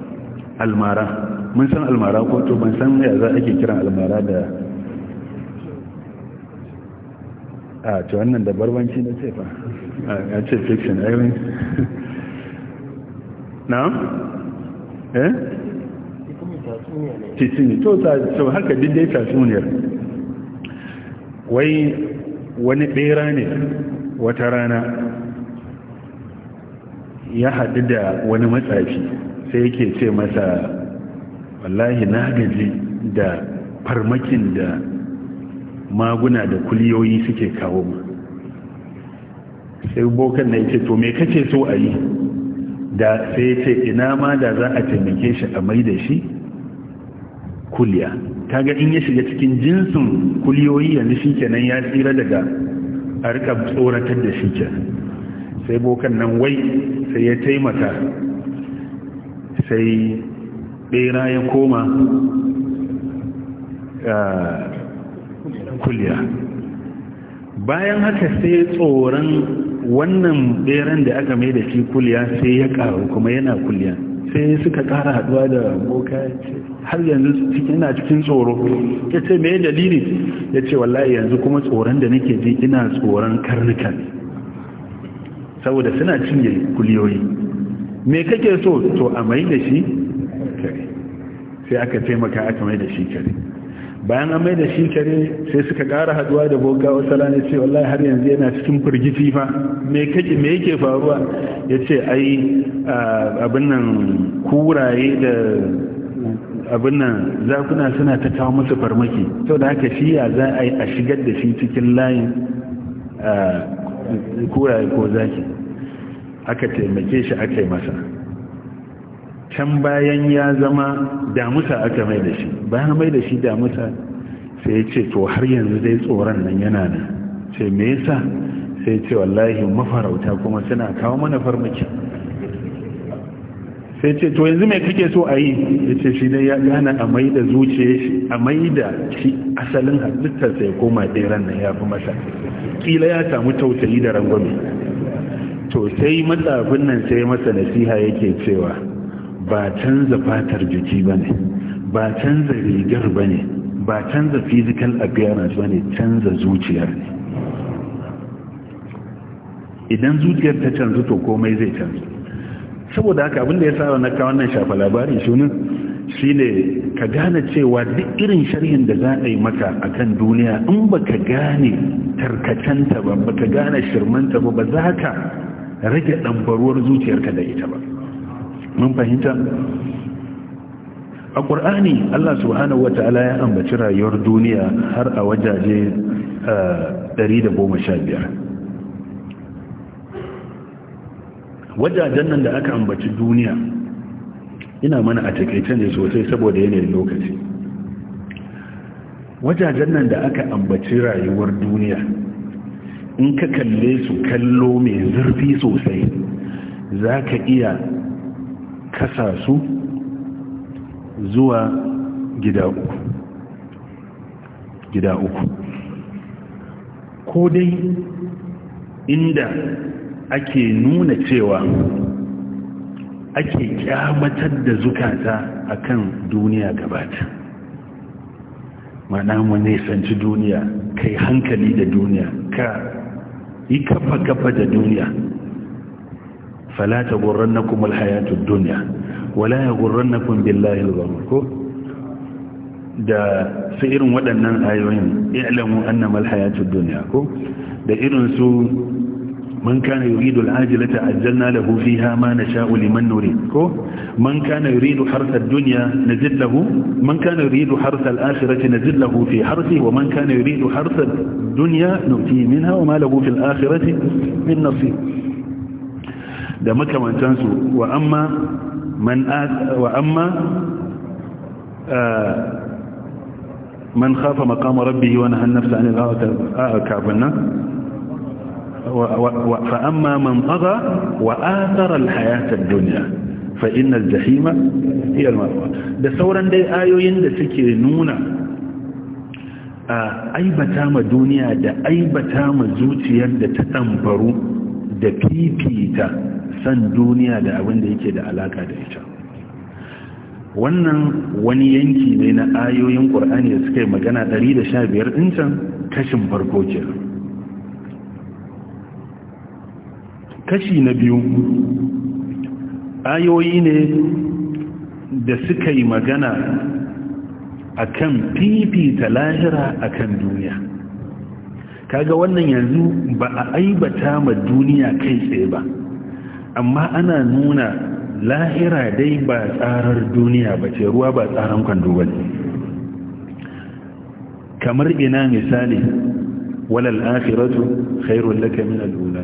almara mun san almara ko to ban san ya za ake kiran almara da a to wannan da barbanci na ce fa a ce fiction i mean na eh? Titini, to ta so haka dindai tatsuniyar wai wani bera ne wata rana ya haɗu da wani matsafi sai yake ce masa wallahi na gaji da farmakin da maguna da kuliyoyi suke kawo mu sai bokan na yake to me kace so a yi da sai ce ina ma da za a taimake shi a mai da shi kuliya kaga in ya shiga cikin jinsin kuliyoyi yanzu shi kenan ya tsira daga a rika tsoratar da shi ke sai bokan nan wai sai ya taimaka sai bera ya koma kuliya bayan haka sai tsoron wannan beran da aka mai da shi kuliya sai ya karu kuma yana kuliya sai suka kara haduwa da boka har yanzu ina cikin tsoro ya ce mai dalili ya ce wallahi yanzu kuma tsoron da nake ji ina tsoron karnuka saboda suna cinye kuliyoyi me kake so to a mai da shi kare sai aka taimaka aka mai da shi kare bayan an mai da shi kare sai suka gara haduwa da boga wasu rana, ce wallahi har yanzu yana cikin firgiti fa me kake mai yake faruwa ya ce ai abin nan kuraye da abin nan zakuna suna ta kawo musu farmaki sau da haka shi ya za a yi a shigar da shi cikin layin kuraye ko zaki aka taimake shi aka yi masa can bayan ya zama damusa aka mai da shi bayan mai da shi damusa sai ya ce to har yanzu dai tsoron nan yana nan sai me yasa sai ce wallahi mafarauta kuma suna kawo mana farmaki sai ce to yanzu mai kake so a yi ya ce shi dai ya gana a mai da zuciya shi a mai da shi asalin halittarsa ya koma ɗeran nan ya fi masa kila ya samu tausayi da rangwame to sai matsafin nan sai masa nasiha yake cewa ba canza fatar jiki ba ne ba canza rigar ba ne ba canza physical appearance ba ne canza zuciyar ne idan zuciyar ta canzu to komai zai canza saboda haka abinda ya sa na ka wannan shafa labarin shunin shi ne ka gane cewa duk irin sharhin da za a yi maka a kan duniya in ba ka gane tarkacenta ba ba ka gane shirmanta ba ba za ka rage ɗambaruwar zuciyarka da ita ba mun fahimta a ƙur'ani allah subhanahu wata'ala ya ambaci rayuwar duniya har a wajaje 115 wajajen nan da aka ambaci duniya ina mana a takaice ne sosai saboda yanayin lokaci wajajen nan da aka ambaci rayuwar duniya in ka kalle su kallo mai zurfi sosai za ka iya kasa su zuwa gida uku gida uku ko dai inda ake nuna cewa ake kyamatar da zukata a kan duniya gabata mana mu nisanci duniya kai hankali da duniya ka yi kafa-kafa da duniya fala ta gurrannakum alhayatud dunya wala yaghurrannakum billahi da su irin waɗannan ayoyin i'lamu annama alhayatud duniya ko da irin su man kana yuridu al'ajilata ajjalna lahu fiha ma nasha'u liman nurid ko man kana yuridu ridu harsar duniya na lahu man kana yuridu harsa al-akhirati nazid lahu fi harsihi wa man kana yuridu harsa ad-dunya nu'tihi minha wa ma lahu fil akhirati min nasib da makamantansu wa amma man wa amma man khafa maqama rabbihi wa nahana nafsa 'anil hawa kafin nan fa amma man tagha wa athara al-hayata ad-dunya fa inna al-jahima hiya al-ma'wa da sauran dai ayoyin da suke nuna aibata ma duniya da aibata ma zuciyar da ta tambaru da fifita san duniya da abin da yake da alaka da ita wannan wani yanki ne na ayoyin ƙur'ani da suka yi magana 115 incan kashin farko ke kashi na biyu ayoyi ne da suka yi magana a kan fifita lahira a kan duniya kaga wannan yanzu ba a aibata ma duniya kai tsaye ba amma ana nuna lahira dai ba tsarar duniya ba ce ruwa ba tsarar kwando ba kamar ina misali walal akhiratu khairul laka min al-ula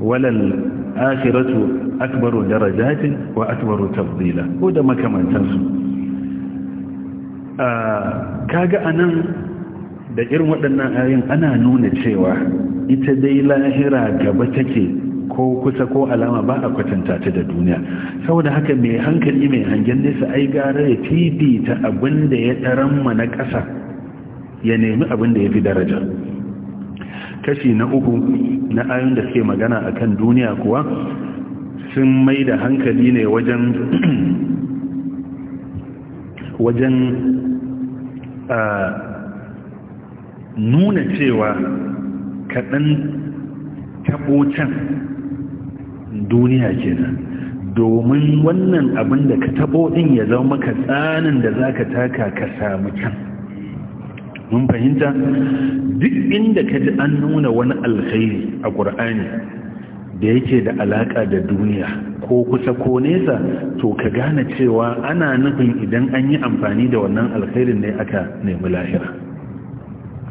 walal akhiratu akbaru darajatin wa akbaru tafdila ko da makamantansu ah, kaga anan da irin waɗannan ayoyin ana nuna cewa ita dai lahira gaba take ko kusa ko alama ba a kwatanta ta da duniya saboda haka mai hankali mai hangen nesa ai gara ya ta abin da ya ma na ƙasa ya nemi abin da ya fi daraja kashi na uku na ayon da suke magana a kan duniya kuwa sun mai da hankali ne wajen wajen nuna cewa kaɗan taɓo can duniya kenan domin wannan abin da ka tabo din ya zama maka tsanin da za ka taka ka samu can mun fahimta duk inda ka ji an nuna wani alkhairi a ƙur'ani da yake da alaƙa da duniya ko kusa ko nesa to ka gane cewa ana nufin idan an yi amfani da wannan alkhairin ne aka nemi lahira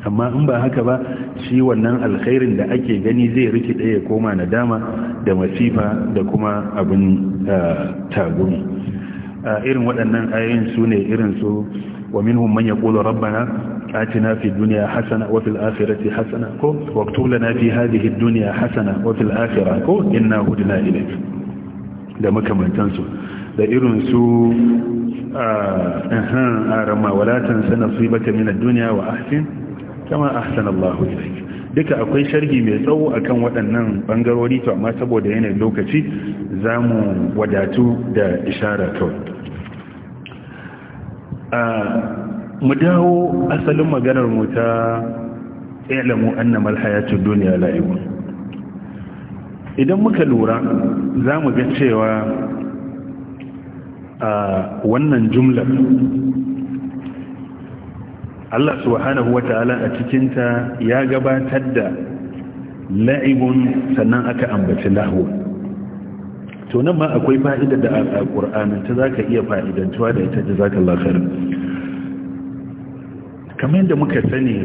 amma in ba haka ba shi wannan alkhairin da ake gani zai riki ɗaya koma nadama da masifa da kuma abin eh, taguri eh, irin waɗannan ayoyin su ne irin su wa minhum man yaqulu rabbana atina fid dunya hasana wa fil akhirati hasana ko waqtu lana fi hadhihi ad dunya hasana wa fil akhirati ko inna hudna ilayk da makamantan su da irin su a eh, ehan arama wala tansa nasibaka min ad dunya wa ahsin kama ahsanallahu ilayk duka akwai sharhi mai tsawo akan waɗannan bangarori to amma saboda yanayin lokaci zamu wadatu da ishara kawai mu dawo asalin maganar mu ta ilamu annama alhayatu dunya la'ibun idan muka lura za mu ga cewa a wannan jumlar Allah subhanahu wata'ala a cikinta ya gabatar da la'ibun sannan aka ambaci lahu to nan ma akwai fa'ida da a ta za ka iya fa'idantuwa da ita da za ka lafiyar kamar yadda muka sani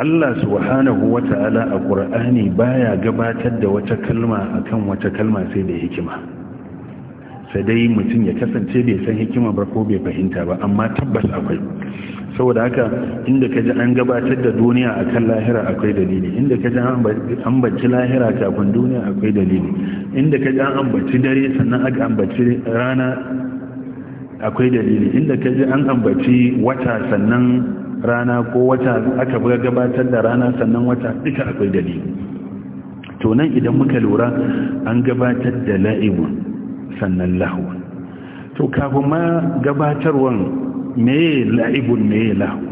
Allah subhanahu wata'ala a ƙur'ani baya gabatar da wata kalma akan wata kalma sai da hikima sai dai mutum ya kasance bai san hikima ba ko bai fahimta ba amma tabbas akwai saboda haka inda kaji an gabatar da duniya a kan lahira akwai dalili inda kaji an ambaci lahira kafin duniya akwai dalili inda kaji an ambaci dare sannan aka ambaci rana akwai dalili inda kaji an ambaci wata sannan rana ko wata aka gabatar da rana sannan wata duka akwai dalili to nan idan muka lura an gabatar da la'ibun sannan lahu to kafin ma gabatarwan meye la'ibun meye lahu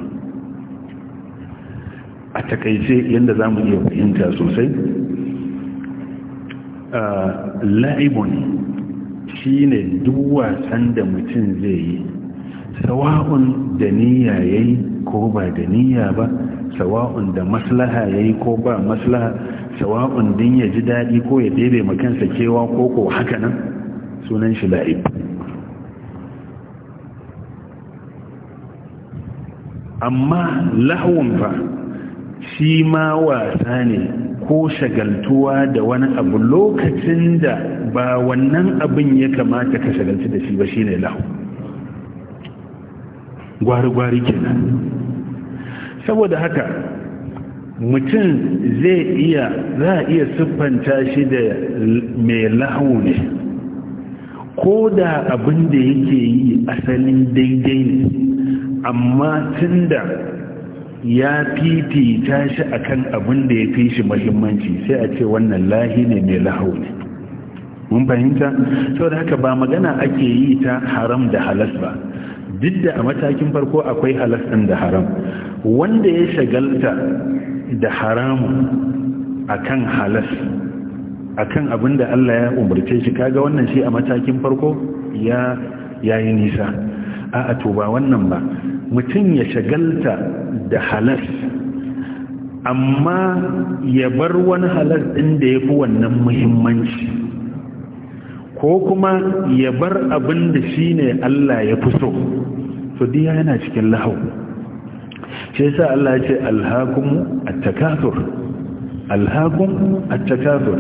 a takaice yadda za mu iya fahimta sosai la'ibun shi ne wasan da mutum zai yi sawa'un da niyya ya yi ko ba da niyya ba sawa'un da maslaha ya yi ko ba maslaha sawa'un din ya ji daɗi ko ya ɗebe makansa kewa ko ko haka nan sunan shi la'ib amma lahawun fa shi ma wasa ne ko shagaltuwa da wani abu lokacin da ba wannan abin ya kamata ka shagaltu da shi ba shi ne lahu gwari-gwari kenan saboda haka mutum zai iya za a iya siffanta shi da mai lahawu ne ko da abin da yake yi asalin daidai ne amma tun da ya ta shi akan abin da ya fi shi mahimmanci sai a ce wannan lahi ne mai lahau ne mun fahimta sau da haka ba magana ake yi ta haram da halas ba duk da a matakin farko akwai halas ɗin da haram wanda ya shagalta da haramun akan halas akan abin da Allah ya umarce shi kaga wannan shi a matakin farko ya yayi nisa a to ba wannan ba mutum ya shagalta da halas amma ya bar wani halas ɗin da yafi wannan muhimmanci ko kuma ya bar abin da shi ne Allah ya fi so to diya yana cikin lahau shi yasa Allah ya ce alhakum at-takathur alhakum at-takathur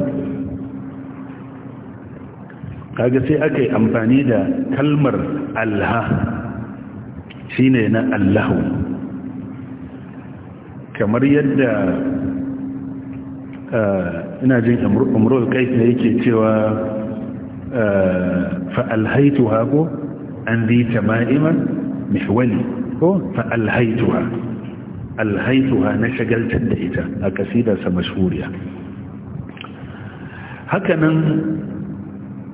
kaga sai aka yi amfani da kalmar alha shine na allahu kamar yadda uh, ina jin umrul kai da yake cewa uh, fa'alhaitu ko an zi tama'iman mihwali ko fa'alhaituwa alhaituwa na shagaltar da ita a kasidarsa mashuriya hakanan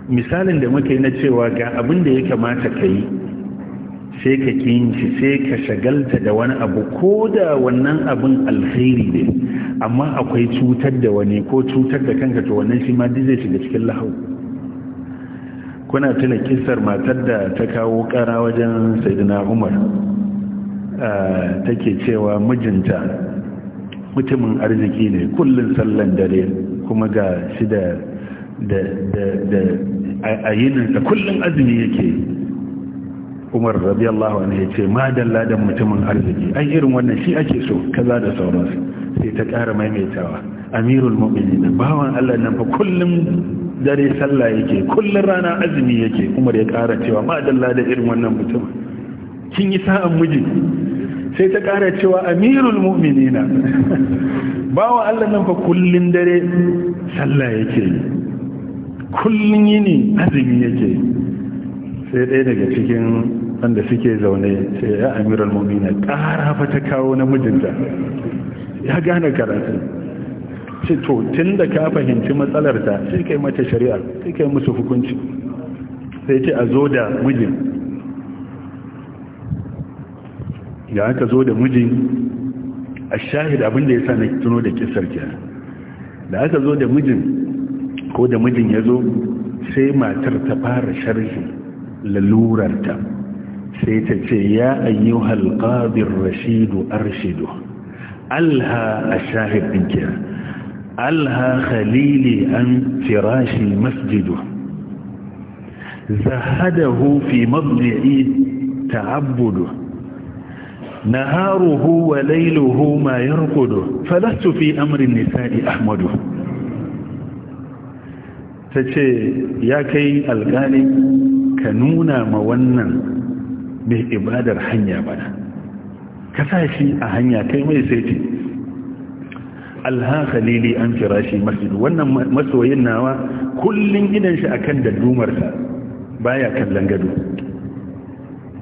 misalin da muka yi na cewa ga abin da ya kamata ka yi sai ka kinci sai ka shagalta da wani abu ko da wannan abin alkhairi ne amma akwai cutar da wani ko cutar da kanka to wannan shi ma duk zai shiga cikin lahau kuna tuna kisar matar da ta kawo kara wajen saidina umar take cewa mijinta mutumin arziki ne kullum sallan dare kuma ga shi da a yinin da kullum azumi yake umar radiyallahu anhu yace ma dalla da mutumin arziki an irin wannan shi ake so kaza da sauransu sai ta ƙara maimaitawa amirul mu'minin bawan Allah nan fa kullum dare sallah yake kullum rana azumi yake umar ya ƙara cewa ma dalla da irin wannan mutum kin yi sa'an miji sai ta ƙara cewa amirul mu'minin bawan Allah nan fa kullum dare sallah yake yi kullum yini azumi yake sai ɗaya daga cikin wanda suke zaune sai ya al-mumina ƙara fa ta kawo namijinta ya gane karatu ce to tun da ka fahimci matsalarta sai kai mata shari'a sai kai musu hukunci sai ce a zo da mijin ga aka zo da mijin a shahid abinda ya sa na tuno da kisar kenan da aka zo da mijin ko da mijin ya zo sai matar ta fara sharhi lalurarta sai ta ce ya ayyuhal qadir rashid arshidu alha ashahid dinki alha khalili an firashi masjidu zahadahu fi mabdi'i ta'abbudu نهاره وليله ما يرقد فلست في أمر النساء أحمده ta ce ya kai alƙalin ka nuna ma wannan mai ibadar hanya bana ka sa shi a hanya kai mai sai ce. alhaka lili an kira shi masjid wannan masoyin nawa kullum idan shi a kan akan ba ya kallon gado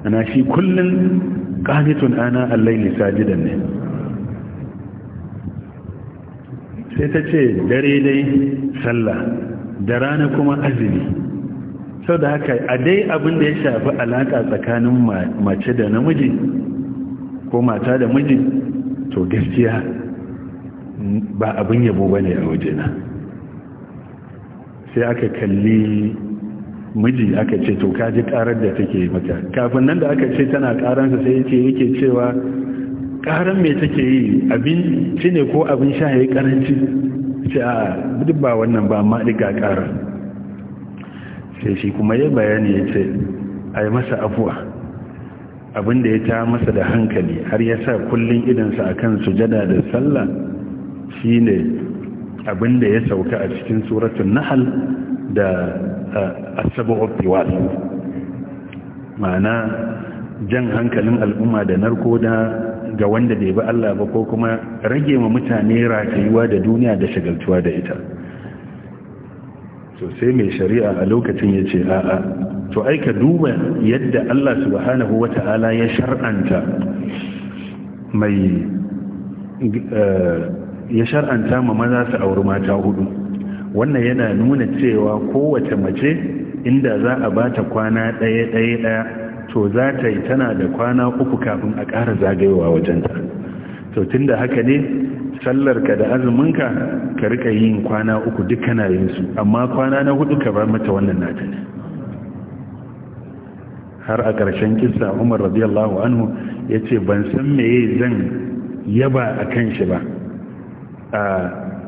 ana shi kullum ƙanitun ana allai sajidan ne sai ta ce dare dai sallah da rana kuma azumi sau da haka a dai abin da ya shafi alaƙa tsakanin mace da namiji ko mata da miji to gaskiya ba abin yabo ba ne a waje na sai aka kalli miji aka ce to kaji karar da take mata kafin nan da aka ce tana karansa sai yake yake cewa ƙaran me take yi abinci ne ko abin sha ya yi karanci ce a ah, duk ba wannan ba amma ƙara sai shi kuma ya bayani ya ce a yi masa afuwa abinda ya ta masa da hankali har ya sa kullum idansa a kan sujada da sallah shi ne abinda ya sauka a cikin suratun nahal da asabu tiwal ma'ana jan hankalin al'umma da narko da ga wanda bai bi Allah ba ko kuma rage ma mutane ratayuwa da duniya da shagaltuwa da ita to sai mai shari'a a lokacin ya ce a'a to ai ka duba yadda Allah subhanahu wataala ta'ala ya shar'anta mai eh, ya shar'anta ma maza su auri mata hudu wannan yana nuna cewa kowace mace inda za a bata kwana daya-daya. ɗaya to za ta yi tana da kwana uku kafin a ƙara zagayowa wajenta to tun da haka ne sallarka da azuminka ka rika yin kwana uku duk kana yin su amma kwana na hudu ka ba mata wannan nata ne har a ƙarshen kisa umar radiyallahu anhu ya ce ban san meye zan yaba a kan shi ba a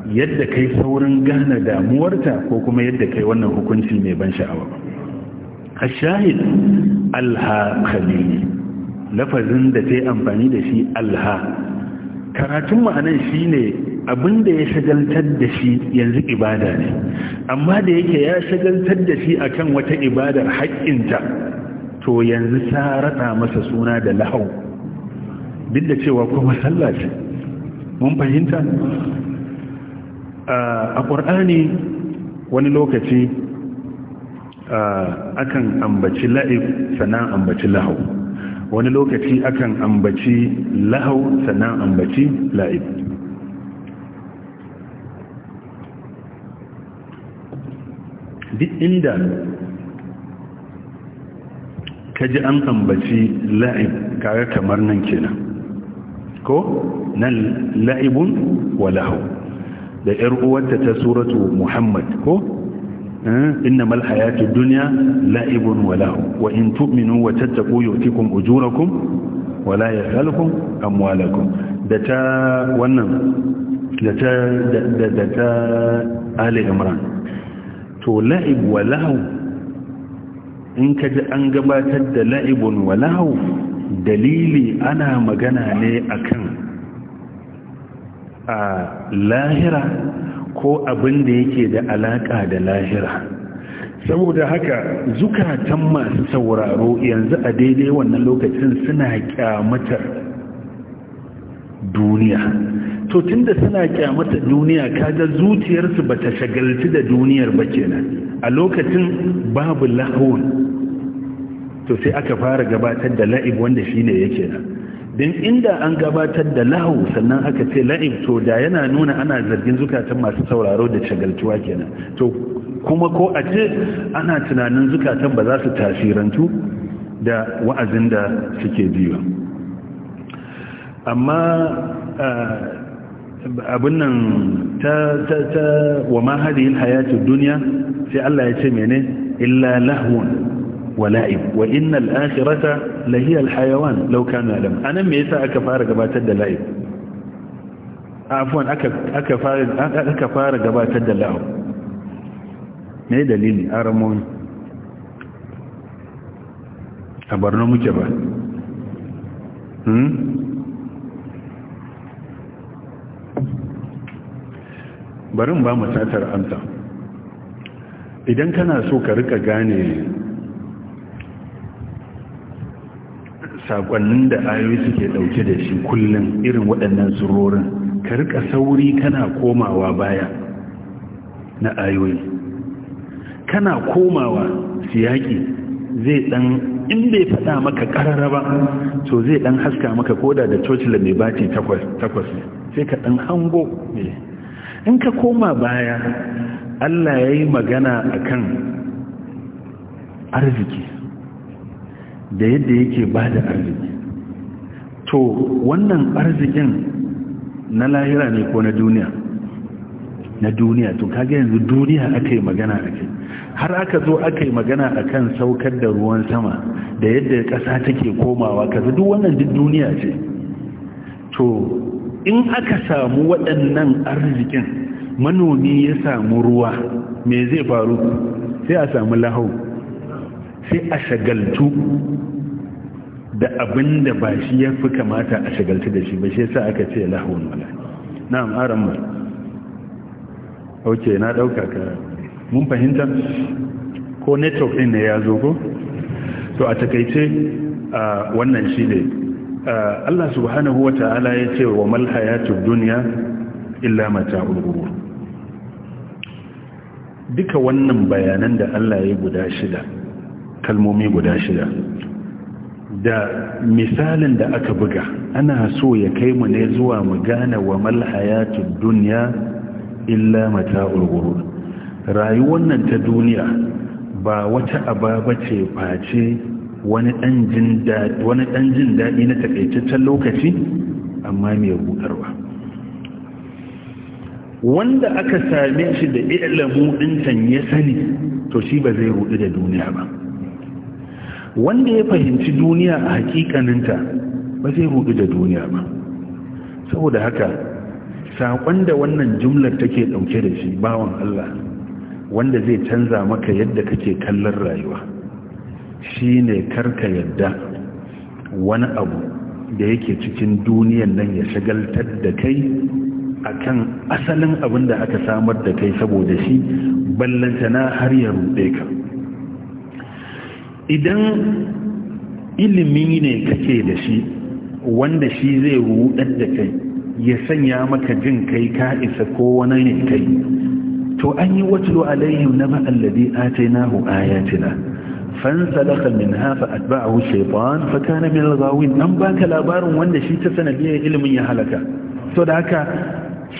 yadda kai saurin gane damuwarta ko kuma yadda kai wannan hukunci mai ban sha'awa ba الشاهد الها خليل lafazin da ta yi amfani da shi alha karatun ma'anan shi ne abinda ya shagaltar da shi yanzu ibada ne amma da yake ya shagaltar da shi akan wata ibadar haƙƙinta to yanzu ta rata masa suna da lahau duk da cewa kuma sallah mun fahimta a ƙur'ani wani lokaci akan ambaci la'ib sannan ambaci lahau wani lokaci akan ambaci lahau sannan ambaci la'ib duk inda ka ji an ambaci la'ib kare kamar nan kenan ko nan la'ibun wa lahau da 'yar uwarta ta suratu muhammad ko إنما الحياة الدنيا لعب وله وإن تؤمنوا وتتقوا يؤتكم أجوركم ولا يسألكم أموالكم دتا ونم دتا دتا آل عمران تو لعب وله in ka ji an gabatar da la'ibun walahu dalili ana magana ne akan a lahira ko abin da yake da alaƙa da lahira saboda haka zukatan masu sauraro yanzu a daidai wannan lokacin suna kyamatar duniya to tunda suna kyamatar duniya kaga zuciyarsu ba ta shagalci da duniyar ba kenan a lokacin babu lahon to sai aka fara gabatar da la'ib wanda shine yake nan din inda an gabatar da lahu sannan aka ce la'ib to da yana nuna ana zargin zukatan masu sauraro da shagaltuwa kenan to kuma ko a ce ana tunanin zukatan ba za su tasirantu da wa'azin da suke biyu amma abin nan ta ta ta wa ma hadhihi duniya sai Allah ya ce mene illa lahun ولعب وإن الآخرة لهي الحيوان لو كان يعلم أنا ميسا أكفار قباتد لعب عفوا أكفار, أكفار قباتد لعب ما دليل أرمون أبرنا مجبا barin ba mu satar amsa idan kana so ka rika gane Sakonnin da ayoyi suke ɗauke da shi kullum irin waɗannan surorin ka rika sauri kana komawa baya na ayoyi kana komawa siyaki zai ɗan in bai faɗa maka karara ba to zai ɗan haska maka koda da cocila mai baci takwas ne sai ka ɗan hango in ka koma baya allah ya yi magana akan arziki da yadda yake ba da arziki to wannan arzikin na lahira ne ko na duniya na duniya to kaga yanzu duniya aka yi magana a kai har aka zo aka yi magana a kan saukar da ruwan sama da yadda ƙasa take komawa kaza duk wannan duk duniya ce to in aka samu waɗannan arzikin manomi ya samu ruwa me zai faru sai a samu lahau sai a shagaltu da abin da ba shi ya fi kamata a shagaltu da shi ba shi sa aka ce lahun wala na'am aran mu ok na dauka ka mun fahimta ko network ɗin ne ya zo ko to a takaice wannan shi ne Allah subhanahu wa ta'ala ya ce wa malhayatu duniya illa mata ghurur duka wannan bayanan da Allah ya guda shida kalmomi guda shida da misalin da aka buga ana so ya kai mu ne zuwa mu gane wa malhayatud dunya illa mata'ul ghurur rayuwar nan ta duniya ba wata ababa ce face wani dan jin daɗi na takaitaccen lokaci amma mai rudarwa wanda aka same shi da ilamu dintan ya sani to shi ba zai ruɗu da duniya ba wanda ya fahimci duniya a hakikaninta ba zai rudu da duniya ba saboda haka saƙon da wannan jumlar take ɗauke da shi bawan Allah wanda zai canza maka yadda kake kallon rayuwa shi ne karka yadda wani abu da yake cikin duniyan nan ya shagaltar da kai akan asalin abin da aka samar da kai saboda shi ballantana har ya ruɗe ka idan ilimi ne kake da shi wanda shi zai rudar da kai ya sanya maka jin kai ka isa ko wani ne kai to an yi watulu alaihim na ma'alladi nahu ayatina fansalaka min hafa atba'ahu shaytan fa kana min al an baka labarin wanda shi ta sanadiyar ilimin ya halaka to da haka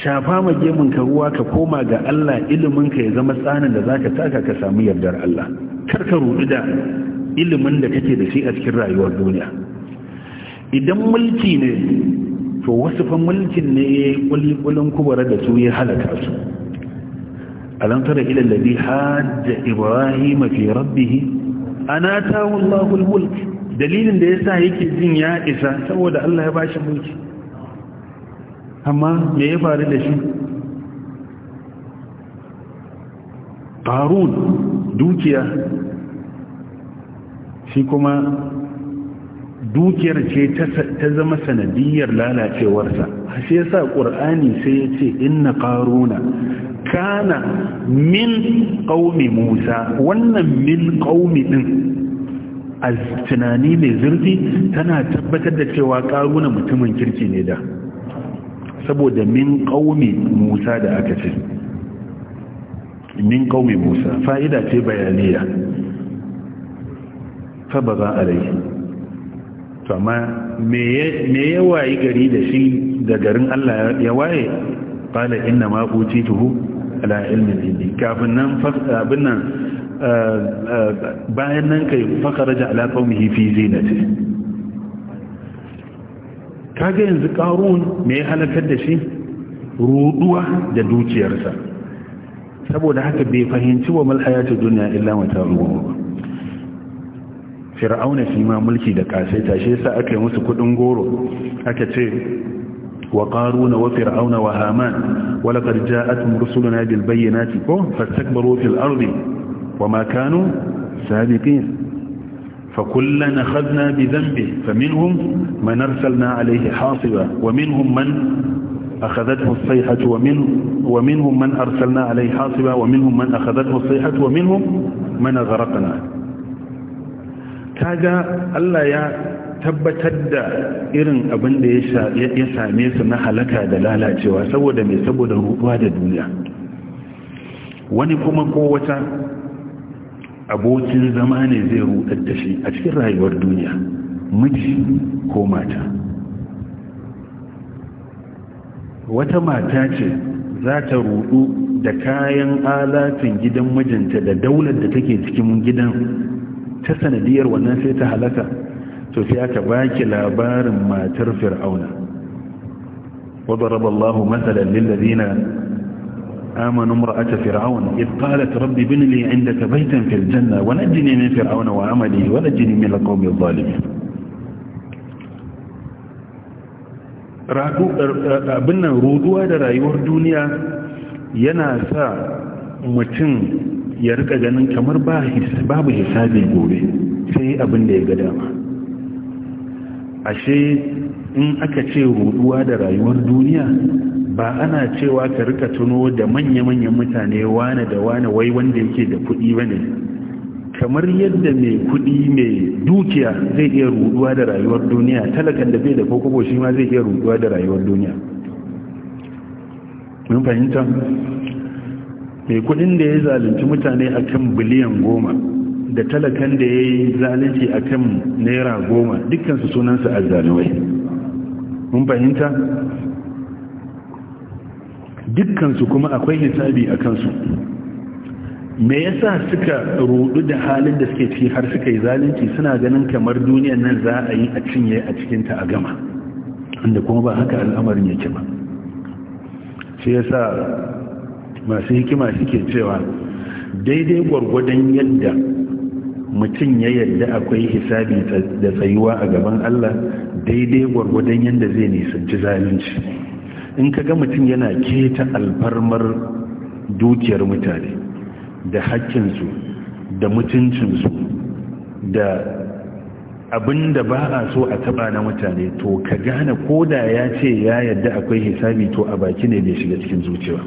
shafa ma gemun ka ruwa ka koma ga Allah ilimin ka ya zama tsanin da zaka taka ka samu yardar Allah kar ka rudu da ilimin da kake da shi a cikin rayuwar duniya idan mulki ne to wasu fa mulkin ne ya yi kulikulin kubara da su ya halaka su alam tara ila alladhi hajja ibrahima fi rabbih ana ta'u Allahu almulk dalilin da yasa yake jin ya isa saboda Allah ya bashi mulki amma me ya faru da shi qarun dukiya shi kuma dukiyar ce ta zama sanadiyar lalacewarsa shi sa ƙur'ani sai ya ce inna ƙaruna kana min ƙaumi musa wannan min ƙaumi din a tunani mai zurfi tana tabbatar da cewa ƙaruna mutumin kirki ne da saboda min ƙaumi musa da aka ce min ƙaumi musa fa'ida ce bayaniya faba za a to amma me ya wayi gari da shi da garin Allah ya waye qala inna ma utituhu ala ilmin indi kafin nan abin nan eh, eh, bayan nan kai fakaraja ala qaumihi fi zinati kaga yanzu qarun me ya halakar da shi ruduwa da dukiyarsa saboda haka bai fahimci wa mal hayatu dunya illa mata'u fir'auna shi ma mulki da kasaita shi yasa aka yi musu kudin goro aka ce wa qaruna wa fir'auna wa haman wa laqad ja'atkum rusuluna bil bayyinati ko fastakbaru fil ardi wa ma kanu sabiqin فكلنا أخذنا بذنبه فمنهم من أرسلنا عليه حاصبا ومنهم من أخذته الصيحة ومن ومنهم من أرسلنا عليه حاصبا ومنهم من أخذته الصيحة ومنهم من أغرقنا ga Allah ya tabbatar da irin abin da ya same su na halaka da lalacewa saboda mai saboda rubuwa da duniya wani kuma ko wata abokin zama ne zai rudar da shi a cikin rayuwar duniya miji ko mata wata mata ce za ta rudu da kayan alatin gidan mijinta da daular da take cikin gidan ta sanadiyar wannan sai ta halaka to sai aka baki labarin matar fir'auna amanu وضرب الله مثلا للذين آمنوا امرأة فرعون إذ قالت رب بن لي عندك بيتا في الجنة ونجني من فرعون وعمله ونجني adh القوم الظالمين abin nan ruduwa da rayuwar duniya yana sa mutum ya rika ganin kamar babu hisabi gobe sai abin da ya ga dama ashe in aka ce ruduwa da rayuwar duniya ba ana cewa ka rika tuno da manya-manyan mutane wane da wane wai wanda yake da kuɗi ba ne kamar yadda mai kuɗi mai dukiya zai iya ruduwa da rayuwar duniya talakan da bai da kokobo shi ma zai iya ruduwa da rayuwar duniya mun fahimta mai kudin da ya zalunci mutane a kan biliyan goma da talakan da ya yi zalunci a kan naira goma dukansu sunansa a zaluwai mun fahimta dukansu kuma akwai hisabi a kansu me yasa suka rudu da halin da suke ci har suka yi zalunci suna ganin kamar duniyar nan za a yi a cinye a cikinta a gama inda kuma ba haka al'amarin yake ba shi yasa masu hikima suke cewa daidai gwargwadon yadda mutum ya yadda akwai hisabi da tsayuwa a gaban Allah daidai gwargwadon yadda zai nisanci zalunci in ka ga mutum yana keta alfarmar dukiyar mutane da haƙƙinsu da mutuncinsu da abin da ba a so a taba na mutane to ka gane ko da ya ce ya yadda akwai hisabi to a baki ne bai shiga cikin zuciya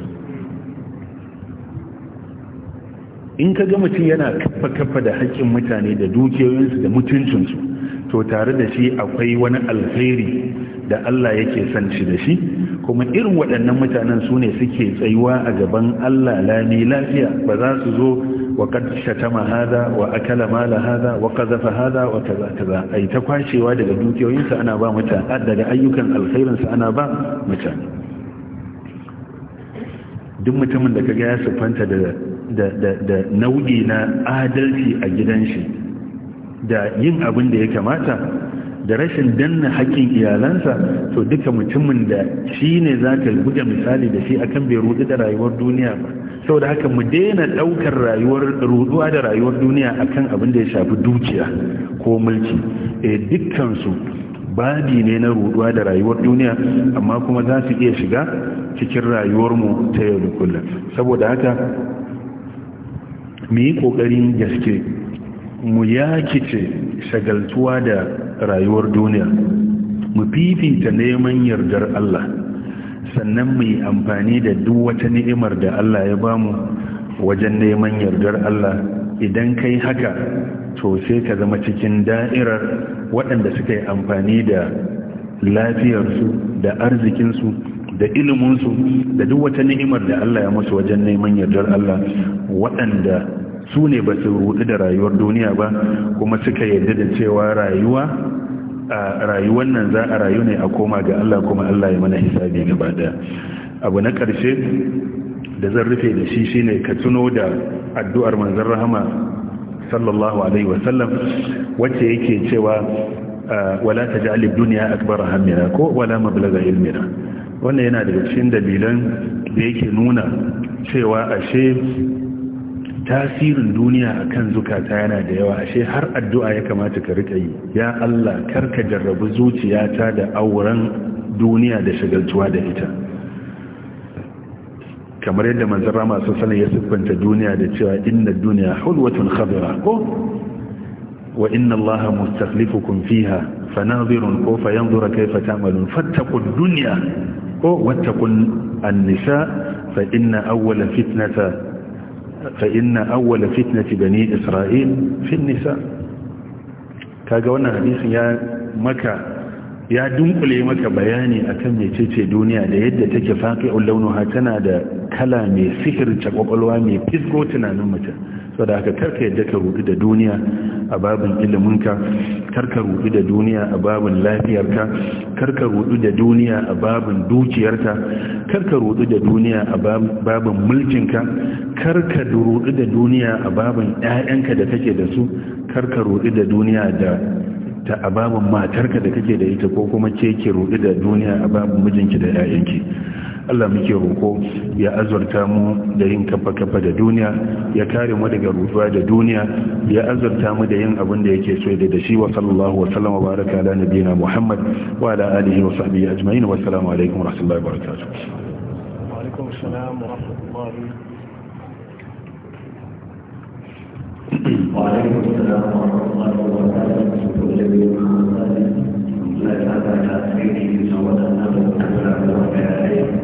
in ka ga mutum yana kafa kafa da haƙƙin mutane da dukiyoyinsu da mutuncinsu to tare da shi akwai wani alheri da Allah yake san shi da shi kuma irin waɗannan mutanen su ne suke tsayuwa a gaban Allah lami lafiya ba za su zo wa kad shatama hada wa akala mala hada wa qazafa hada wa kaza kaza ai ta kwashewa daga dukiyoyinsa ana ba mutane daga ayyukan alherinsu ana ba mutane duk mutumin da kaga ya siffanta da da nau'i na adalci a gidan shi da yin abin da ya kamata da rashin danna haƙƙin iyalansa to duka mutumin da shi ne za ka buga misali da shi akan bai rudu da rayuwar duniya ba sau da haka mu daina ɗaukar rayuwar ruduwa da rayuwar duniya akan abin da ya shafi dukiya ko mulki e dukkansu babi ne na ruduwa da rayuwar duniya amma kuma za su iya shiga cikin rayuwarmu ta yau da kullum saboda haka mu yi ƙoƙarin gaske mu yakice shagaltuwa da rayuwar duniya mu fifita neman yardar Allah sannan mu yi amfani da duk wata ni'imar da Allah ya ba mu wajen neman yardar Allah idan kai haka to sai ka zama cikin da'irar waɗanda suka yi amfani da lafiyarsu da arzikinsu da iliminsu da duk wata ni'imar da Allah ya musu wajen neman yardar Allah waɗanda su ne ba su rudu da rayuwar duniya ba kuma suka yarda da cewa rayuwa a rayuwar nan za a rayu ne a koma ga Allah kuma Allah ya mana hisabi gaba da abu na ƙarshe da zan rufe da shi shine ka tuno da addu'ar manzan rahama sallallahu alaihi wasallam wacce yake cewa wala ta alif duniya akbar hammina ko wala mablaga ilmina wannan yana daga cikin dalilan da yake nuna cewa ashe tasirin duniya akan zukata yana da yawa ashe har addu'a ya kamata ka rika yi ya Allah karka jarrabu zuciyata da auren duniya da shagaltuwa da ita kamar yadda manzara masu sanin ya siffanta duniya da cewa inna duniya hulwatun khadira ko wa inna allaha fiha fanadhirun ko fayanzura kayfa ta'malun fattaqu dunya ko wattakun annisa fa inna awwala fitnata fa inna awwala fitnati bani isra'il fi nisa kaga wannan hadisin ya maka ya dunkule maka bayani akan mecece duniya da yadda take faqi'ul launuha tana da kala mai sihirce kwakwalwa mai fisgo tunanin mutum sada da haka karka yadda ka rudu da duniya a babin iliminka karka rudu da duniya a babin lafiyarka karka rudu da duniya a babin dukiyarka karka rudu da duniya a babin mulkinka karka rudu da duniya a babin ƴaƴanka da kake da su karka rudu da duniya da ta a matarka da kake da ita ko kuma ke ke rudu da duniya a babin mijinki da ƴaƴanki Allah muke roko ya azurta mu da yin kafa kafa da duniya ya kare mu daga rufuwa da duniya ya azurta mu da yin abin da yake so da shi wa sallallahu wa sallama baraka ala nabiyina Muhammad wa ala alihi wa sahbihi ajma'in wa assalamu alaikum wa rahmatullahi wa barakatuh
wa alaikum assalam wa rahmatullahi Wa السلام ورحمة الله وبركاته وجميع محمد لا تعالى تأثيره سواء أنه تبرع وبعليه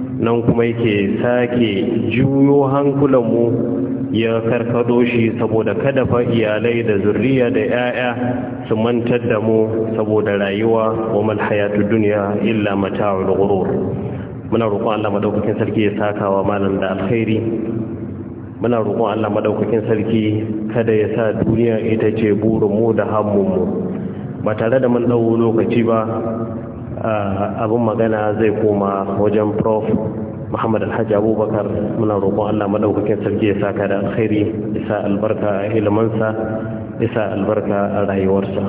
nan kuma yake sake juyo hankulanmu ya karkado shi saboda kada fa iyalai da zurriya da 'ya'ya su mantar da mu saboda rayuwa wa mal hayatu dunya illa mata'ul ghurur muna roƙon Allah madaukakin sarki ya saka wa malam da alkhairi muna roƙon Allah madaukakin sarki kada ya sa duniya ita ce burin mu da hammun mu ba tare da mun dawo lokaci ba Ah, abin magana zai koma wajen prof muhammad alhaji abubakar muna roƙon allah maɗaukakin sarki ya saka da alkhairi isa albarka ilimansa isa albarka a rayuwarsa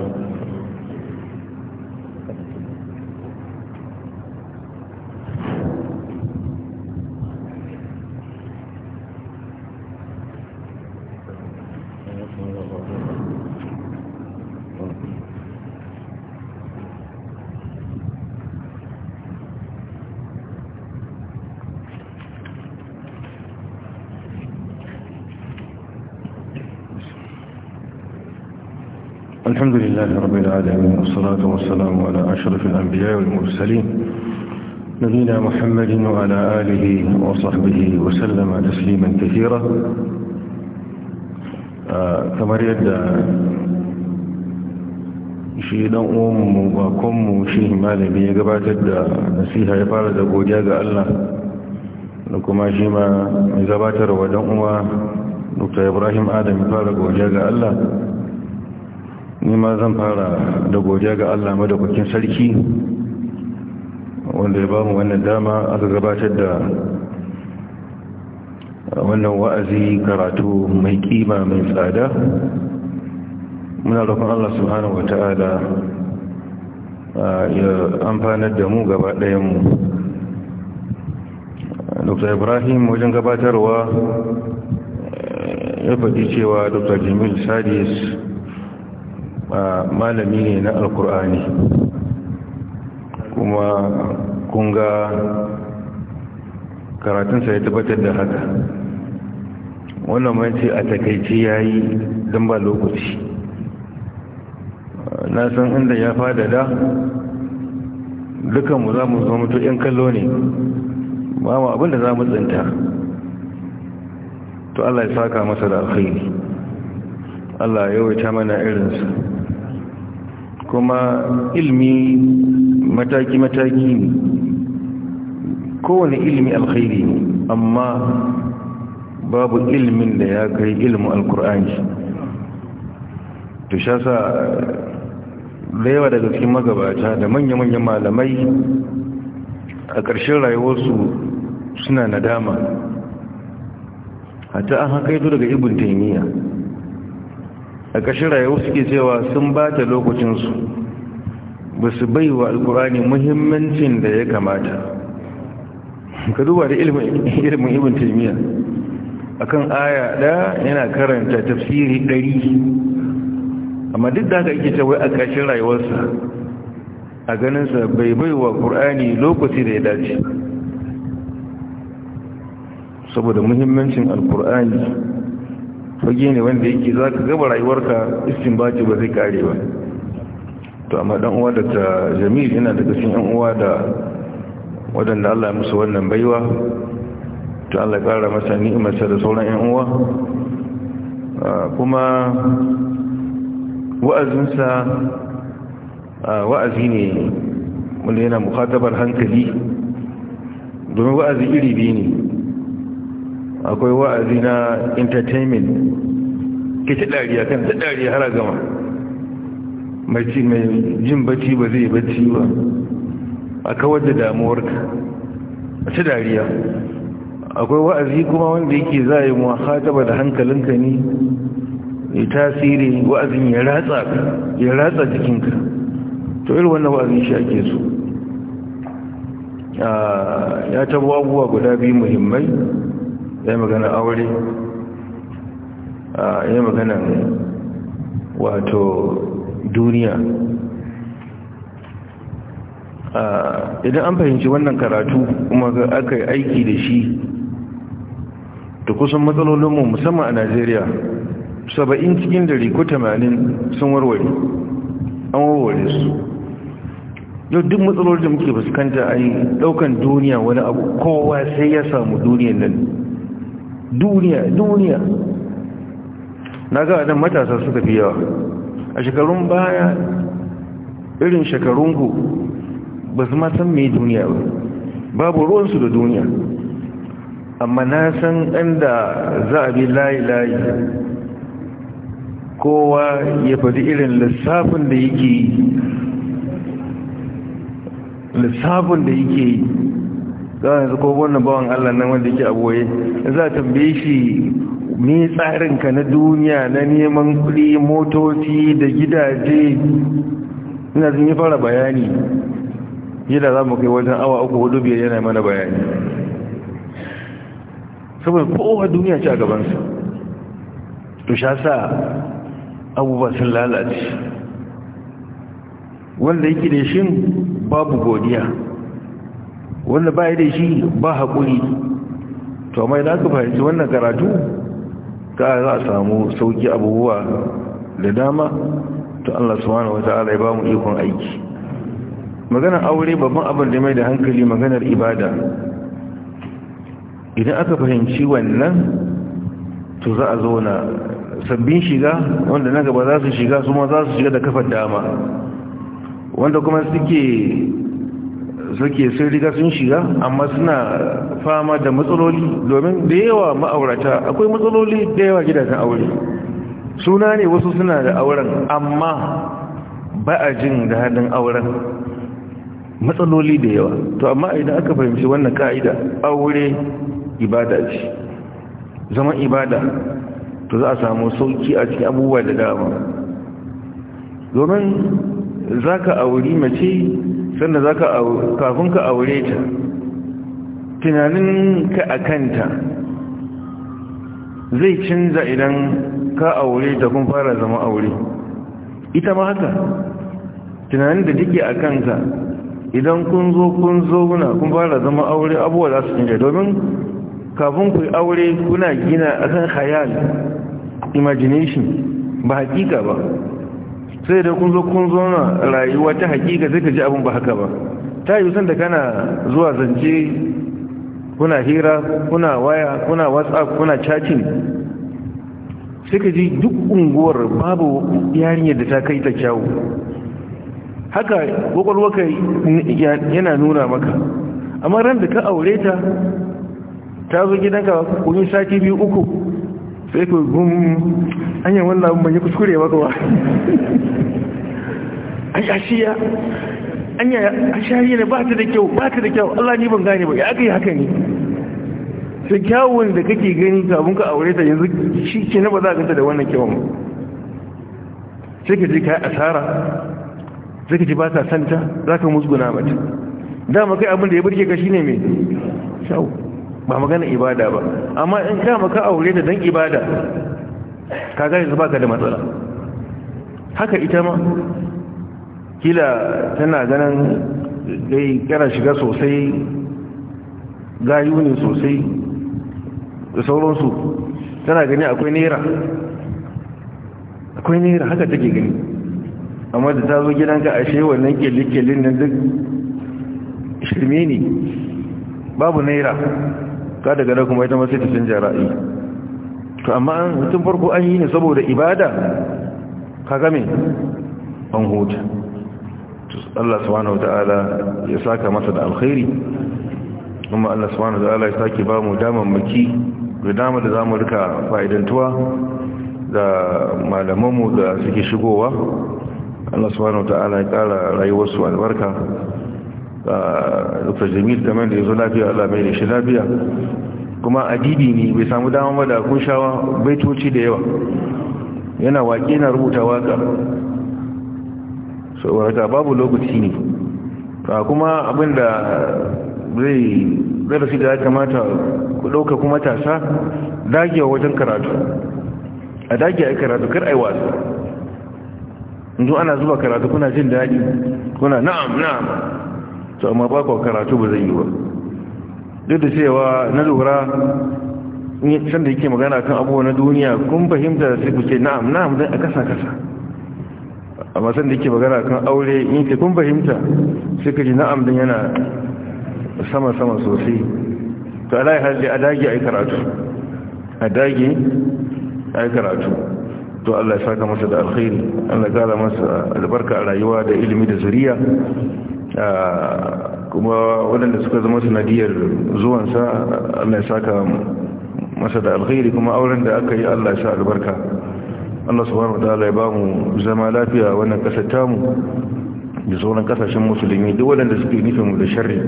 لله رب العالمين والصلاة والسلام على أشرف
الأنبياء والمرسلين نبينا محمد وعلى آله وصحبه وسلم تسليما كثيرا آه، كما ريد شيء نقوم وقوم وشيء ما لبي يقبات نسيها يفعل ذاكو جاغ الله نكما شيما يقبات رو دعوة نكتا إبراهيم آدم يفعل ذاكو جاغ الله Ni ma zan fara da godiya ga allah madaukakin sarki wanda ya ba mu wannan dama aka gabatar da wannan wa'azi karatu mai kima mai tsada muna roƙon allah subhanahu wata'ala ya amfanar da mu gaba ɗayanmu dr ibrahim wajen gabatarwa ya faɗi cewa dr jamil sadis malami ne na alkur'ani kuma kunga karatunsa ya tabbatar da haka wannan mace a takaici ya yi don ba lokaci na san inda ya fadada dukanmu za mu zama mutu 'yan kallo ne ba mu abinda za mu tsinta to Allah ya saka masa da alkhairi Allah ya yawaita mana irinsa kuma ilmi mataki-mataki ne kowane ilmi alkhairi ne amma babu ilmin da ya kai ilmu alkur'ani to sha sa da yawa daga cikin magabata da manya-manyan malamai a ƙarshen rayuwarsu suna nadama hata an haka daga ibn taimiyya a ƙashin rayuwa suke cewa sun ba ta lokacinsu ba su bai wa alkurani muhimmancin da ya kamata ka duba da ilimin ibn taimiyya kan aya ɗaya yana karanta tafsiri ɗari amma duk da aka ike cewa a ƙashin rayuwarsa a ganinsa bai bai wa ƙur'ani lokaci da ya dace saboda muhimmancin alkur'ani fage ne wanda yake za ka gaba rayuwarka baki ba zai kare ba to amma dan uwa da ta jami'i yana daga cikin yan uwa da waɗanda Allah ya musu wannan baiwa to Allah ya ƙara masa ni'imarsa da sauran yan uwa kuma wa'azinsa wa'azi ne wanda yana mukatabar hankali domin wa'azi iri biyu ne akwai wa'azi na entertainment ke ci dariya kan ta dariya har gama mai jin bacci ba zai bacci ba a kawar da damuwarka a ci dariya akwai wa'azi kuma wanda yake za a yi muhataba da hankalinka ne ya tasiri wa'azin ya ratsa ya ratsa jikinka to irin wannan wa'azin shi ake so ah, ya tabo abubuwa guda biyu muhimmai ya magana aure ah, ya magana wato duniya ah, idan an fahimci wannan karatu kuma aka yi aiki da shi da kusan matsalolinmu musamman a najeriya saba'in cikin dari ko tamanin sun warware an warware su yau duk matsalolin da muke fuskanta a yi daukan duniya wani abu kowa sai ya samu duniyan nan duniya duniya na ga wadannan matasa suka fi yawa a shekarun baya irin shekarunku ba su matan mai duniya ba babu ruwansu da duniya amma na san inda za a bi layi-layi kowa ya faɗi irin lissafin da yake lissafin da yake za yanzu ko wannan bawan Allah nan wanda yake aboye za tambaye shi me ka na duniya na neman kuɗi motoci da gidaje ina zan yi fara bayani yadda za mu kai wajen awa uku hudu biyar yana mana bayani saboda kowa duniya ce a gabansa to sha sa abubuwa sun lalace wanda yake da shin babu godiya wanda ba da shi ba haƙuri to mai da aka fahimci wannan karatu ka za a samu sauƙi abubuwa da dama to Allah subhanahu wata'ala ya ba mu ikon aiki maganar aure babban abin da mai da hankali maganar ibada idan aka fahimci wannan to za a zauna sabbin shiga wanda na gaba za su shiga su ma za su shiga da kafar dama wanda kuma suke suke sun riga sun shiga amma suna fama da matsaloli domin da yawa ma'aurata akwai matsaloli da yawa gidajen aure suna ne wasu suna da auren amma ba a jin da halin auren matsaloli da yawa to amma idan aka fahimci wannan ka'ida aure ibada ce zaman ibada to za a samu sauki a cikin abubuwa da dama domin za ka auri mace sanda za ka kafin ka aure ta tunanin ka a kanta zai canza idan ka aure ta kun fara zama aure ita ma haka tunanin da duke a kanka idan kun zo kun zo kuna kun fara zama aure abuwa za su canza domin kafin ku aure kuna gina akan hayal imagination ba hakika ba sai da kun zo kun zo na rayuwa ta hakika sai ka ji abin ba haka ba ta yi san da kana zuwa zance kuna hira kuna waya kuna whatsapp kuna chatin sai ka ji duk unguwar babu yarinyar da ta kai ta kyawu haka kwakwalwaka yana nuna maka amma ran da ka aure ta ta zo gidanka kuni sati biyu uku sai ku gum an yi wannan abin yi kuskure ba kuwa an yashiya an yi ashariya ne ba ta da kyau ba ta da kyau Allah ni ban gane ba ya aka yi haka ne sai kyawun da kake gani kafin ka aure ta yanzu shi ke na ba za a ganta da wannan kyawun sai ka je ka yi asara sai ka ji ba ta santa za ka musguna mata dama kai abin da ya burge ka shine mai kyau ba magana ibada ba amma in ka maka aure da dan ibada ka ga yanzu baka da matsala haka ita ma kila tana ganin dai kana shiga sosai gayu ne sosai da sauransu tana gani akwai naira akwai naira haka take gani amma da ta zo gidanka ashe wannan kyalli-kyallin nan duk shirme ne babu naira ka daga da kuma ita masu ta canja ra'ayi to amma an tun farko an yi ne saboda ibada ka game an huta Allah subhanahu wataala ya saka masa da alkhairi kuma Allah subhanahu wataala ya saki ba mu maki da dama da zamu rika fa'idantuwa da malamanmu da suke shigowa Allah subhanahu wataala ya kara rayuwarsu albarka dr jamil kamar da ya zo lafiya al'amai mai da shi lafiya kuma adibi ne bai samu damar ba da kun shawa baitoci da yawa yana waƙe na rubuta waƙa so waraka babu lokaci ne kuma abinda zai zarafi da ya kamata ku ɗauka kuma tasa dagewa wajen karatu a dagewa ya karatu kar yi wasu inzu ana zuba karatu kuna jin daji kuna na'am na'am to amma ba ku karatu ba zai yi ba duk da cewa na lura san da yake magana kan abubuwa na duniya kun fahimta sai ku ce na'am na'am zai a kasa kasa amma san da yake magana kan aure in ce kun fahimta sai ka ji na'am din yana sama sama sosai to alai ya dai a dage ai karatu a dage ai karatu to Allah ya saka masa da alkhairi Allah ya kara masa albarka a rayuwa da ilimi da zuriya ah, kuma waɗanda suka zama sanadiyar zuwansa Allah ya saka masa da alkhairi kuma auren da aka yi Allah ya sa albarka Allah subhanahu wataala ya bamu zama lafiya wannan kasar tamu da sauran kasashen musulmi duk waɗanda suke nufin mu da sharri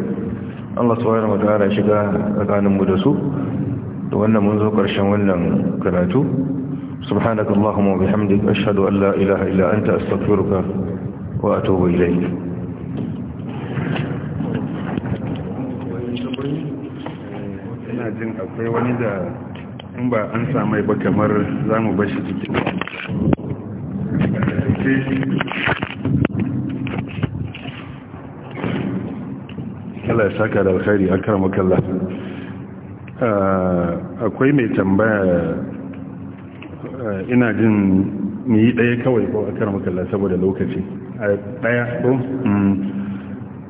Allah subhanahu wataala ya shiga tsakaninmu da su da wannan mun zo ƙarshen wannan karatu سبحانك اللهم وبحمدك أشهد أن لا إله إلا أنت أستغفرك وأتوب إليك ina jin akwai wani da in ba an samai ba kamar za mu bashi cikin Allah ya saka da alkhairi akramaka Allah akwai mai tambaya Eh, ina jin ni yi ɗaya kawai ko a makalla saboda lokaci a ɗaya ko mm.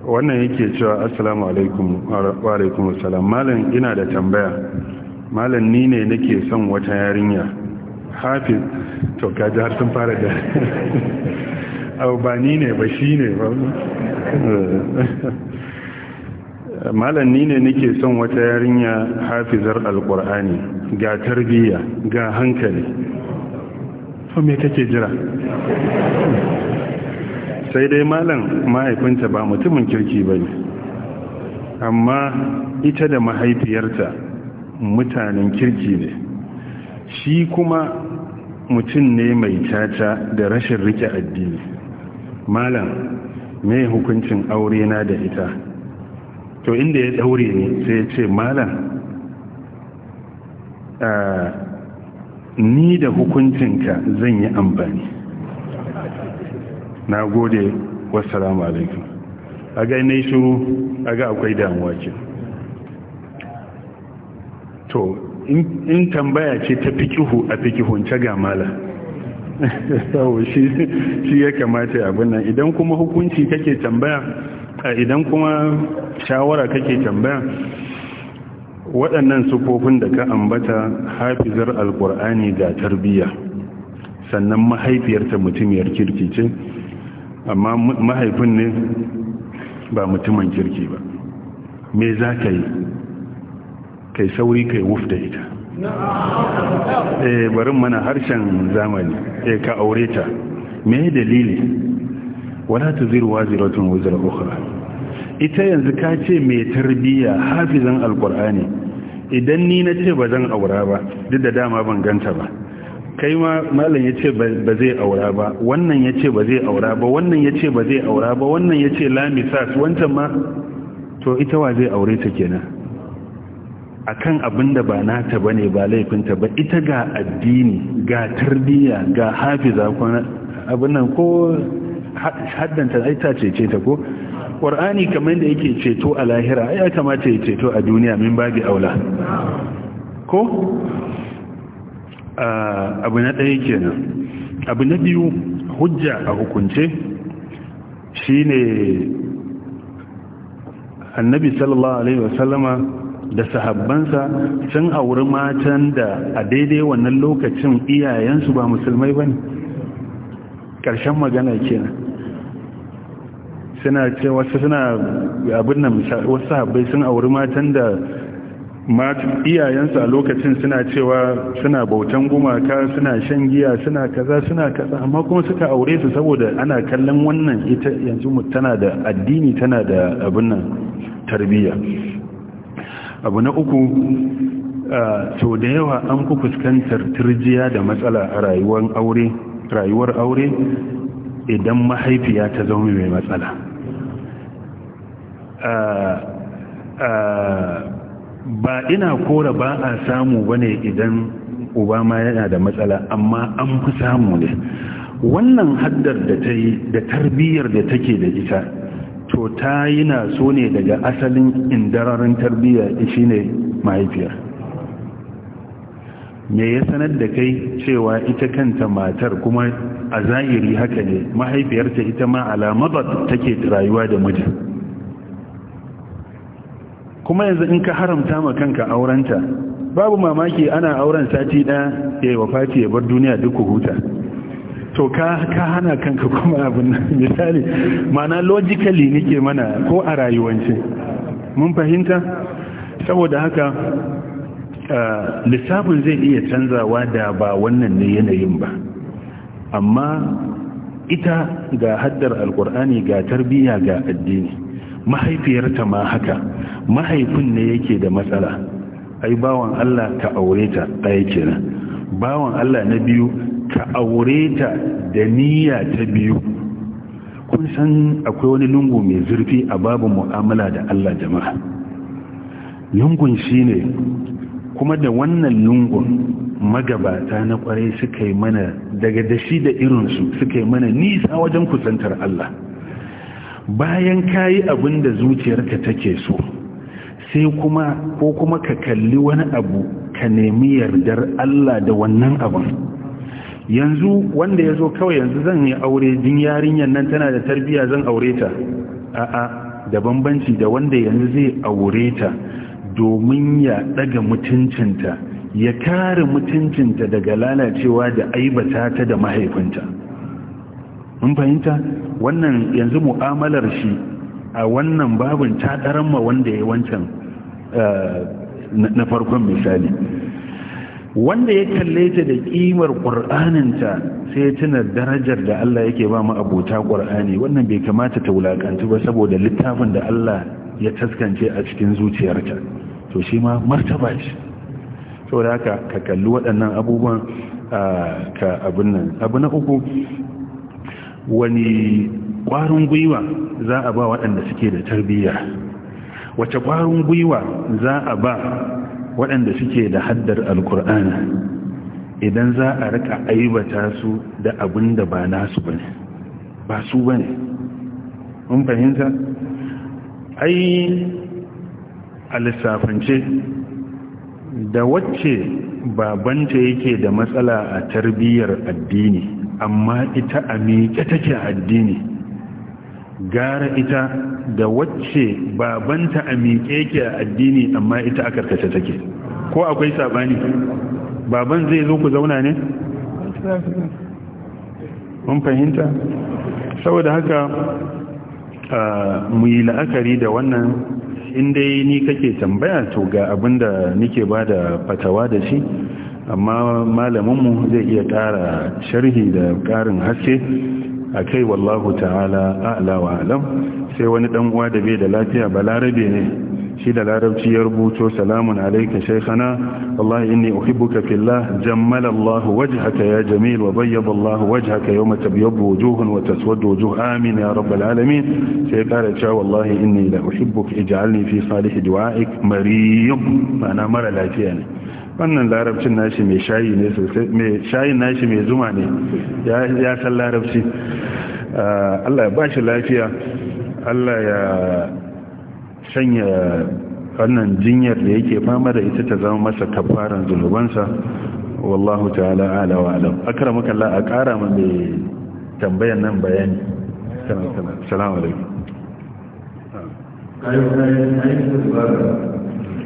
wannan yake cewa assalamu alaikum wa alaikum assalam malam ina da tambaya malam ni ne nake son wata yarinya hafi. to ji har sun fara da abu ba ni ne ba shi ne ba eh, malam ni ne nake son wata yarinya hafizar alkur'ani ga tarbiyya ga hankali ko me kake jira sai dai malam mahaifinta ba mutumin kirki ba ne amma ita da mahaifiyarta mutanen kirki ne shi kuma mutum ne mai caca da rashin rike addini malam me hukuncin aure na da ita to inda ya daure ne sai ya ce malam ah, ni da hukuncinka zan yi amfani na gode wassalamu alaikum a ga yi shuru a ga akwai damuwa ce to in tambaya ce ta fikihu a ta gamala? mala shi ya kamata abin nan idan kuma hukunci kake tambaya idan kuma shawara kake tambaya waɗannan sufofin da ka ambata hafizar Alƙur'ani ga tarbiyya sannan mahaifiyarta mutumiyar kirki ce amma mahaifin ne ba mutumin kirki ba me za ka yi kai sauri kai wuf da ita E, eh, barin mana harshen zamani E, ka aure ta me dalili wala tuziru waziratun wuzar ukhra ita yanzu ka ce mai tarbiyya hafizan alkur'ani idan ni na ce ba zan aura ba duk da dama ban ganta ba kai ma malam ya ce ba zai aura ba wannan ya ce ba zai aura ba wannan ya ce ba zai aura ba wannan ya ce lamisas wancan ma to ita wa zai aure ta kenan akan abin da ba nata ba ne ba laifinta ba ita ga addini ga tarbiyya ga hafiza abin nan ko haddanta ai ta cece ta ko Qur'ani kamar da yake ceto a lahira ya kamata ya ceto a duniya min babi aula ko abu na ɗaya kenan abu na biyu hujja a hukunce shine annabi sallallahu alaihi wasallama da sahabbansa sun auri matan da a daidai wannan lokacin iyayensu ba musulmai bane ne ƙarshen magana kenan suna ce wasu suna abin nan wasu sun auri matan da iyayensu a lokacin suna cewa suna bautan gumaka suna shan giya suna kaza suna kaza amma kuma suka aure su saboda ana kallon wannan ita yanzu tana da addini tana da abin nan tarbiyya abu na uku to da yawa an ku fuskantar turjiya da matsala a rayuwar aure rayuwar aure idan mahaifiya ta zama mai matsala ba ina kora ba a samu bane idan uba yana da matsala amma an fi samu ne wannan haddar da ta yi da tarbiyyar da take da ita to ta yi na so ne daga asalin indararin tarbiyya shi ne mahaifiyar me ya sanar da kai cewa ita kanta matar kuma a zahiri haka ne mahaifiyarta ita ma alamabar take rayuwa da miji. kuma yanzu in ka haramta ma kanka aurenta babu mamaki ana auren sati ɗaya ya yi wafati ya bar duniya duk huta to ka ka hana kanka kuma abin misali mana logically nike mana ko a rayuwanci. mun fahimta saboda haka lissafin zai iya canzawa da ba wannan ne yanayin ba amma ita ga haddar alkur'ani ga tarbiyya ga addini mahaifiyarta ma haka mahaifin ne yake da matsala ai bawan Allah ka aure ta ɗaya kenan bawan Allah na biyu ka aure ta da niyya ta biyu kun san akwai wani lungu mai zurfi a babu mu'amala da Allah jama'a lungun shine kuma da wannan lungun magabata na kwarai suka yi mana daga dashi da irinsu suka yi mana nisa wajen kusantar Allah bayan kayi yi abin da zuciyarka take so sai kuma ko kuma ka kalli wani abu ka nemi yardar Allah da wannan abin yanzu wanda ya zo kawai yanzu zan yi aure jin yarinyar nan tana da tarbiya zan aure ta a'a da bambanci da wanda yanzu zai aure ta domin ya daga mutuncinta ya kare mutuncinta daga lalacewa da aibata ta da mahaifinta mun fahimta wannan yanzu mu'amalar shi a wannan babin ta ma wanda ya wancan eh, na farkon misali wanda ya kalle ta da kimar ƙur'aninta sai tuna darajar da Allah yake ba mu abota ƙur'ani wannan bai kamata ta wulakanci ba saboda littafin da Allah ya taskance a cikin zuciyarta to shi ma martaba ce saboda haka ka kalli waɗannan abubuwan eh, ka abin nan abu na uku wani ƙwarin gwiwa za a ba waɗanda suke da tarbiyya wace ƙwarin gwiwa za a ba waɗanda suke da haddar alkur'ana idan za a rika aibata su da abin da ba nasu ba ne ba su ba ne mun fahimta ai a lissafance da wacce babanta yake da matsala a tarbiyyar addini amma ita a miƙe take addini gara ita da wacce babanta a miƙe ke addini amma ita a karkace take ko akwai sabani baban zai zo ku zauna ne? mun fahimta saboda haka mu yi la'akari da wannan inda ni kake tambaya to ga abinda nike ba da fatawa da shi amma malaminmu zai iya tara sharhi da karin haske a kai wallahu ta'ala a'la wa alam sai wani dan uwa da bai da lafiya balarabe ne shi da larabci ya rubuto salamun alaika shaykhana wallahi inni uhibbuka fillah jammala Allah wajhaka ya jamil wa bayyada Allah wajhaka yawma tabyaddu wujuhun wa taswaddu wujuh amin ya rabbal alamin sai kare cewa wallahi inni la uhibbuka ij'alni fi salih du'aik mariyub ma'ana mara lafiya ne wannan larabcin nashi mai shayi ne sosai mai shayi nashi mai zuma ne ya san larabci ah, Allah ya ba shi lafiya Allah ya sanya wannan jinyar da yake fama da ita ta zama masa kafaran zunubansa wallahu ta'ala ala wa alam akramaka Allah a ƙara ma mai tambayan nan bayani salamu
alaikum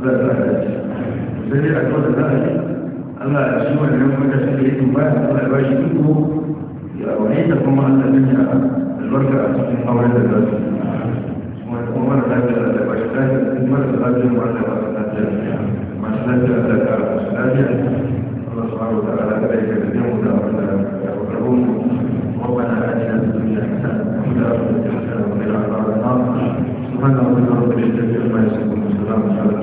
Allah ya sa shi sai dai addu'a da za a ya ya ya kuma ya kuma ya ya
ya ya ya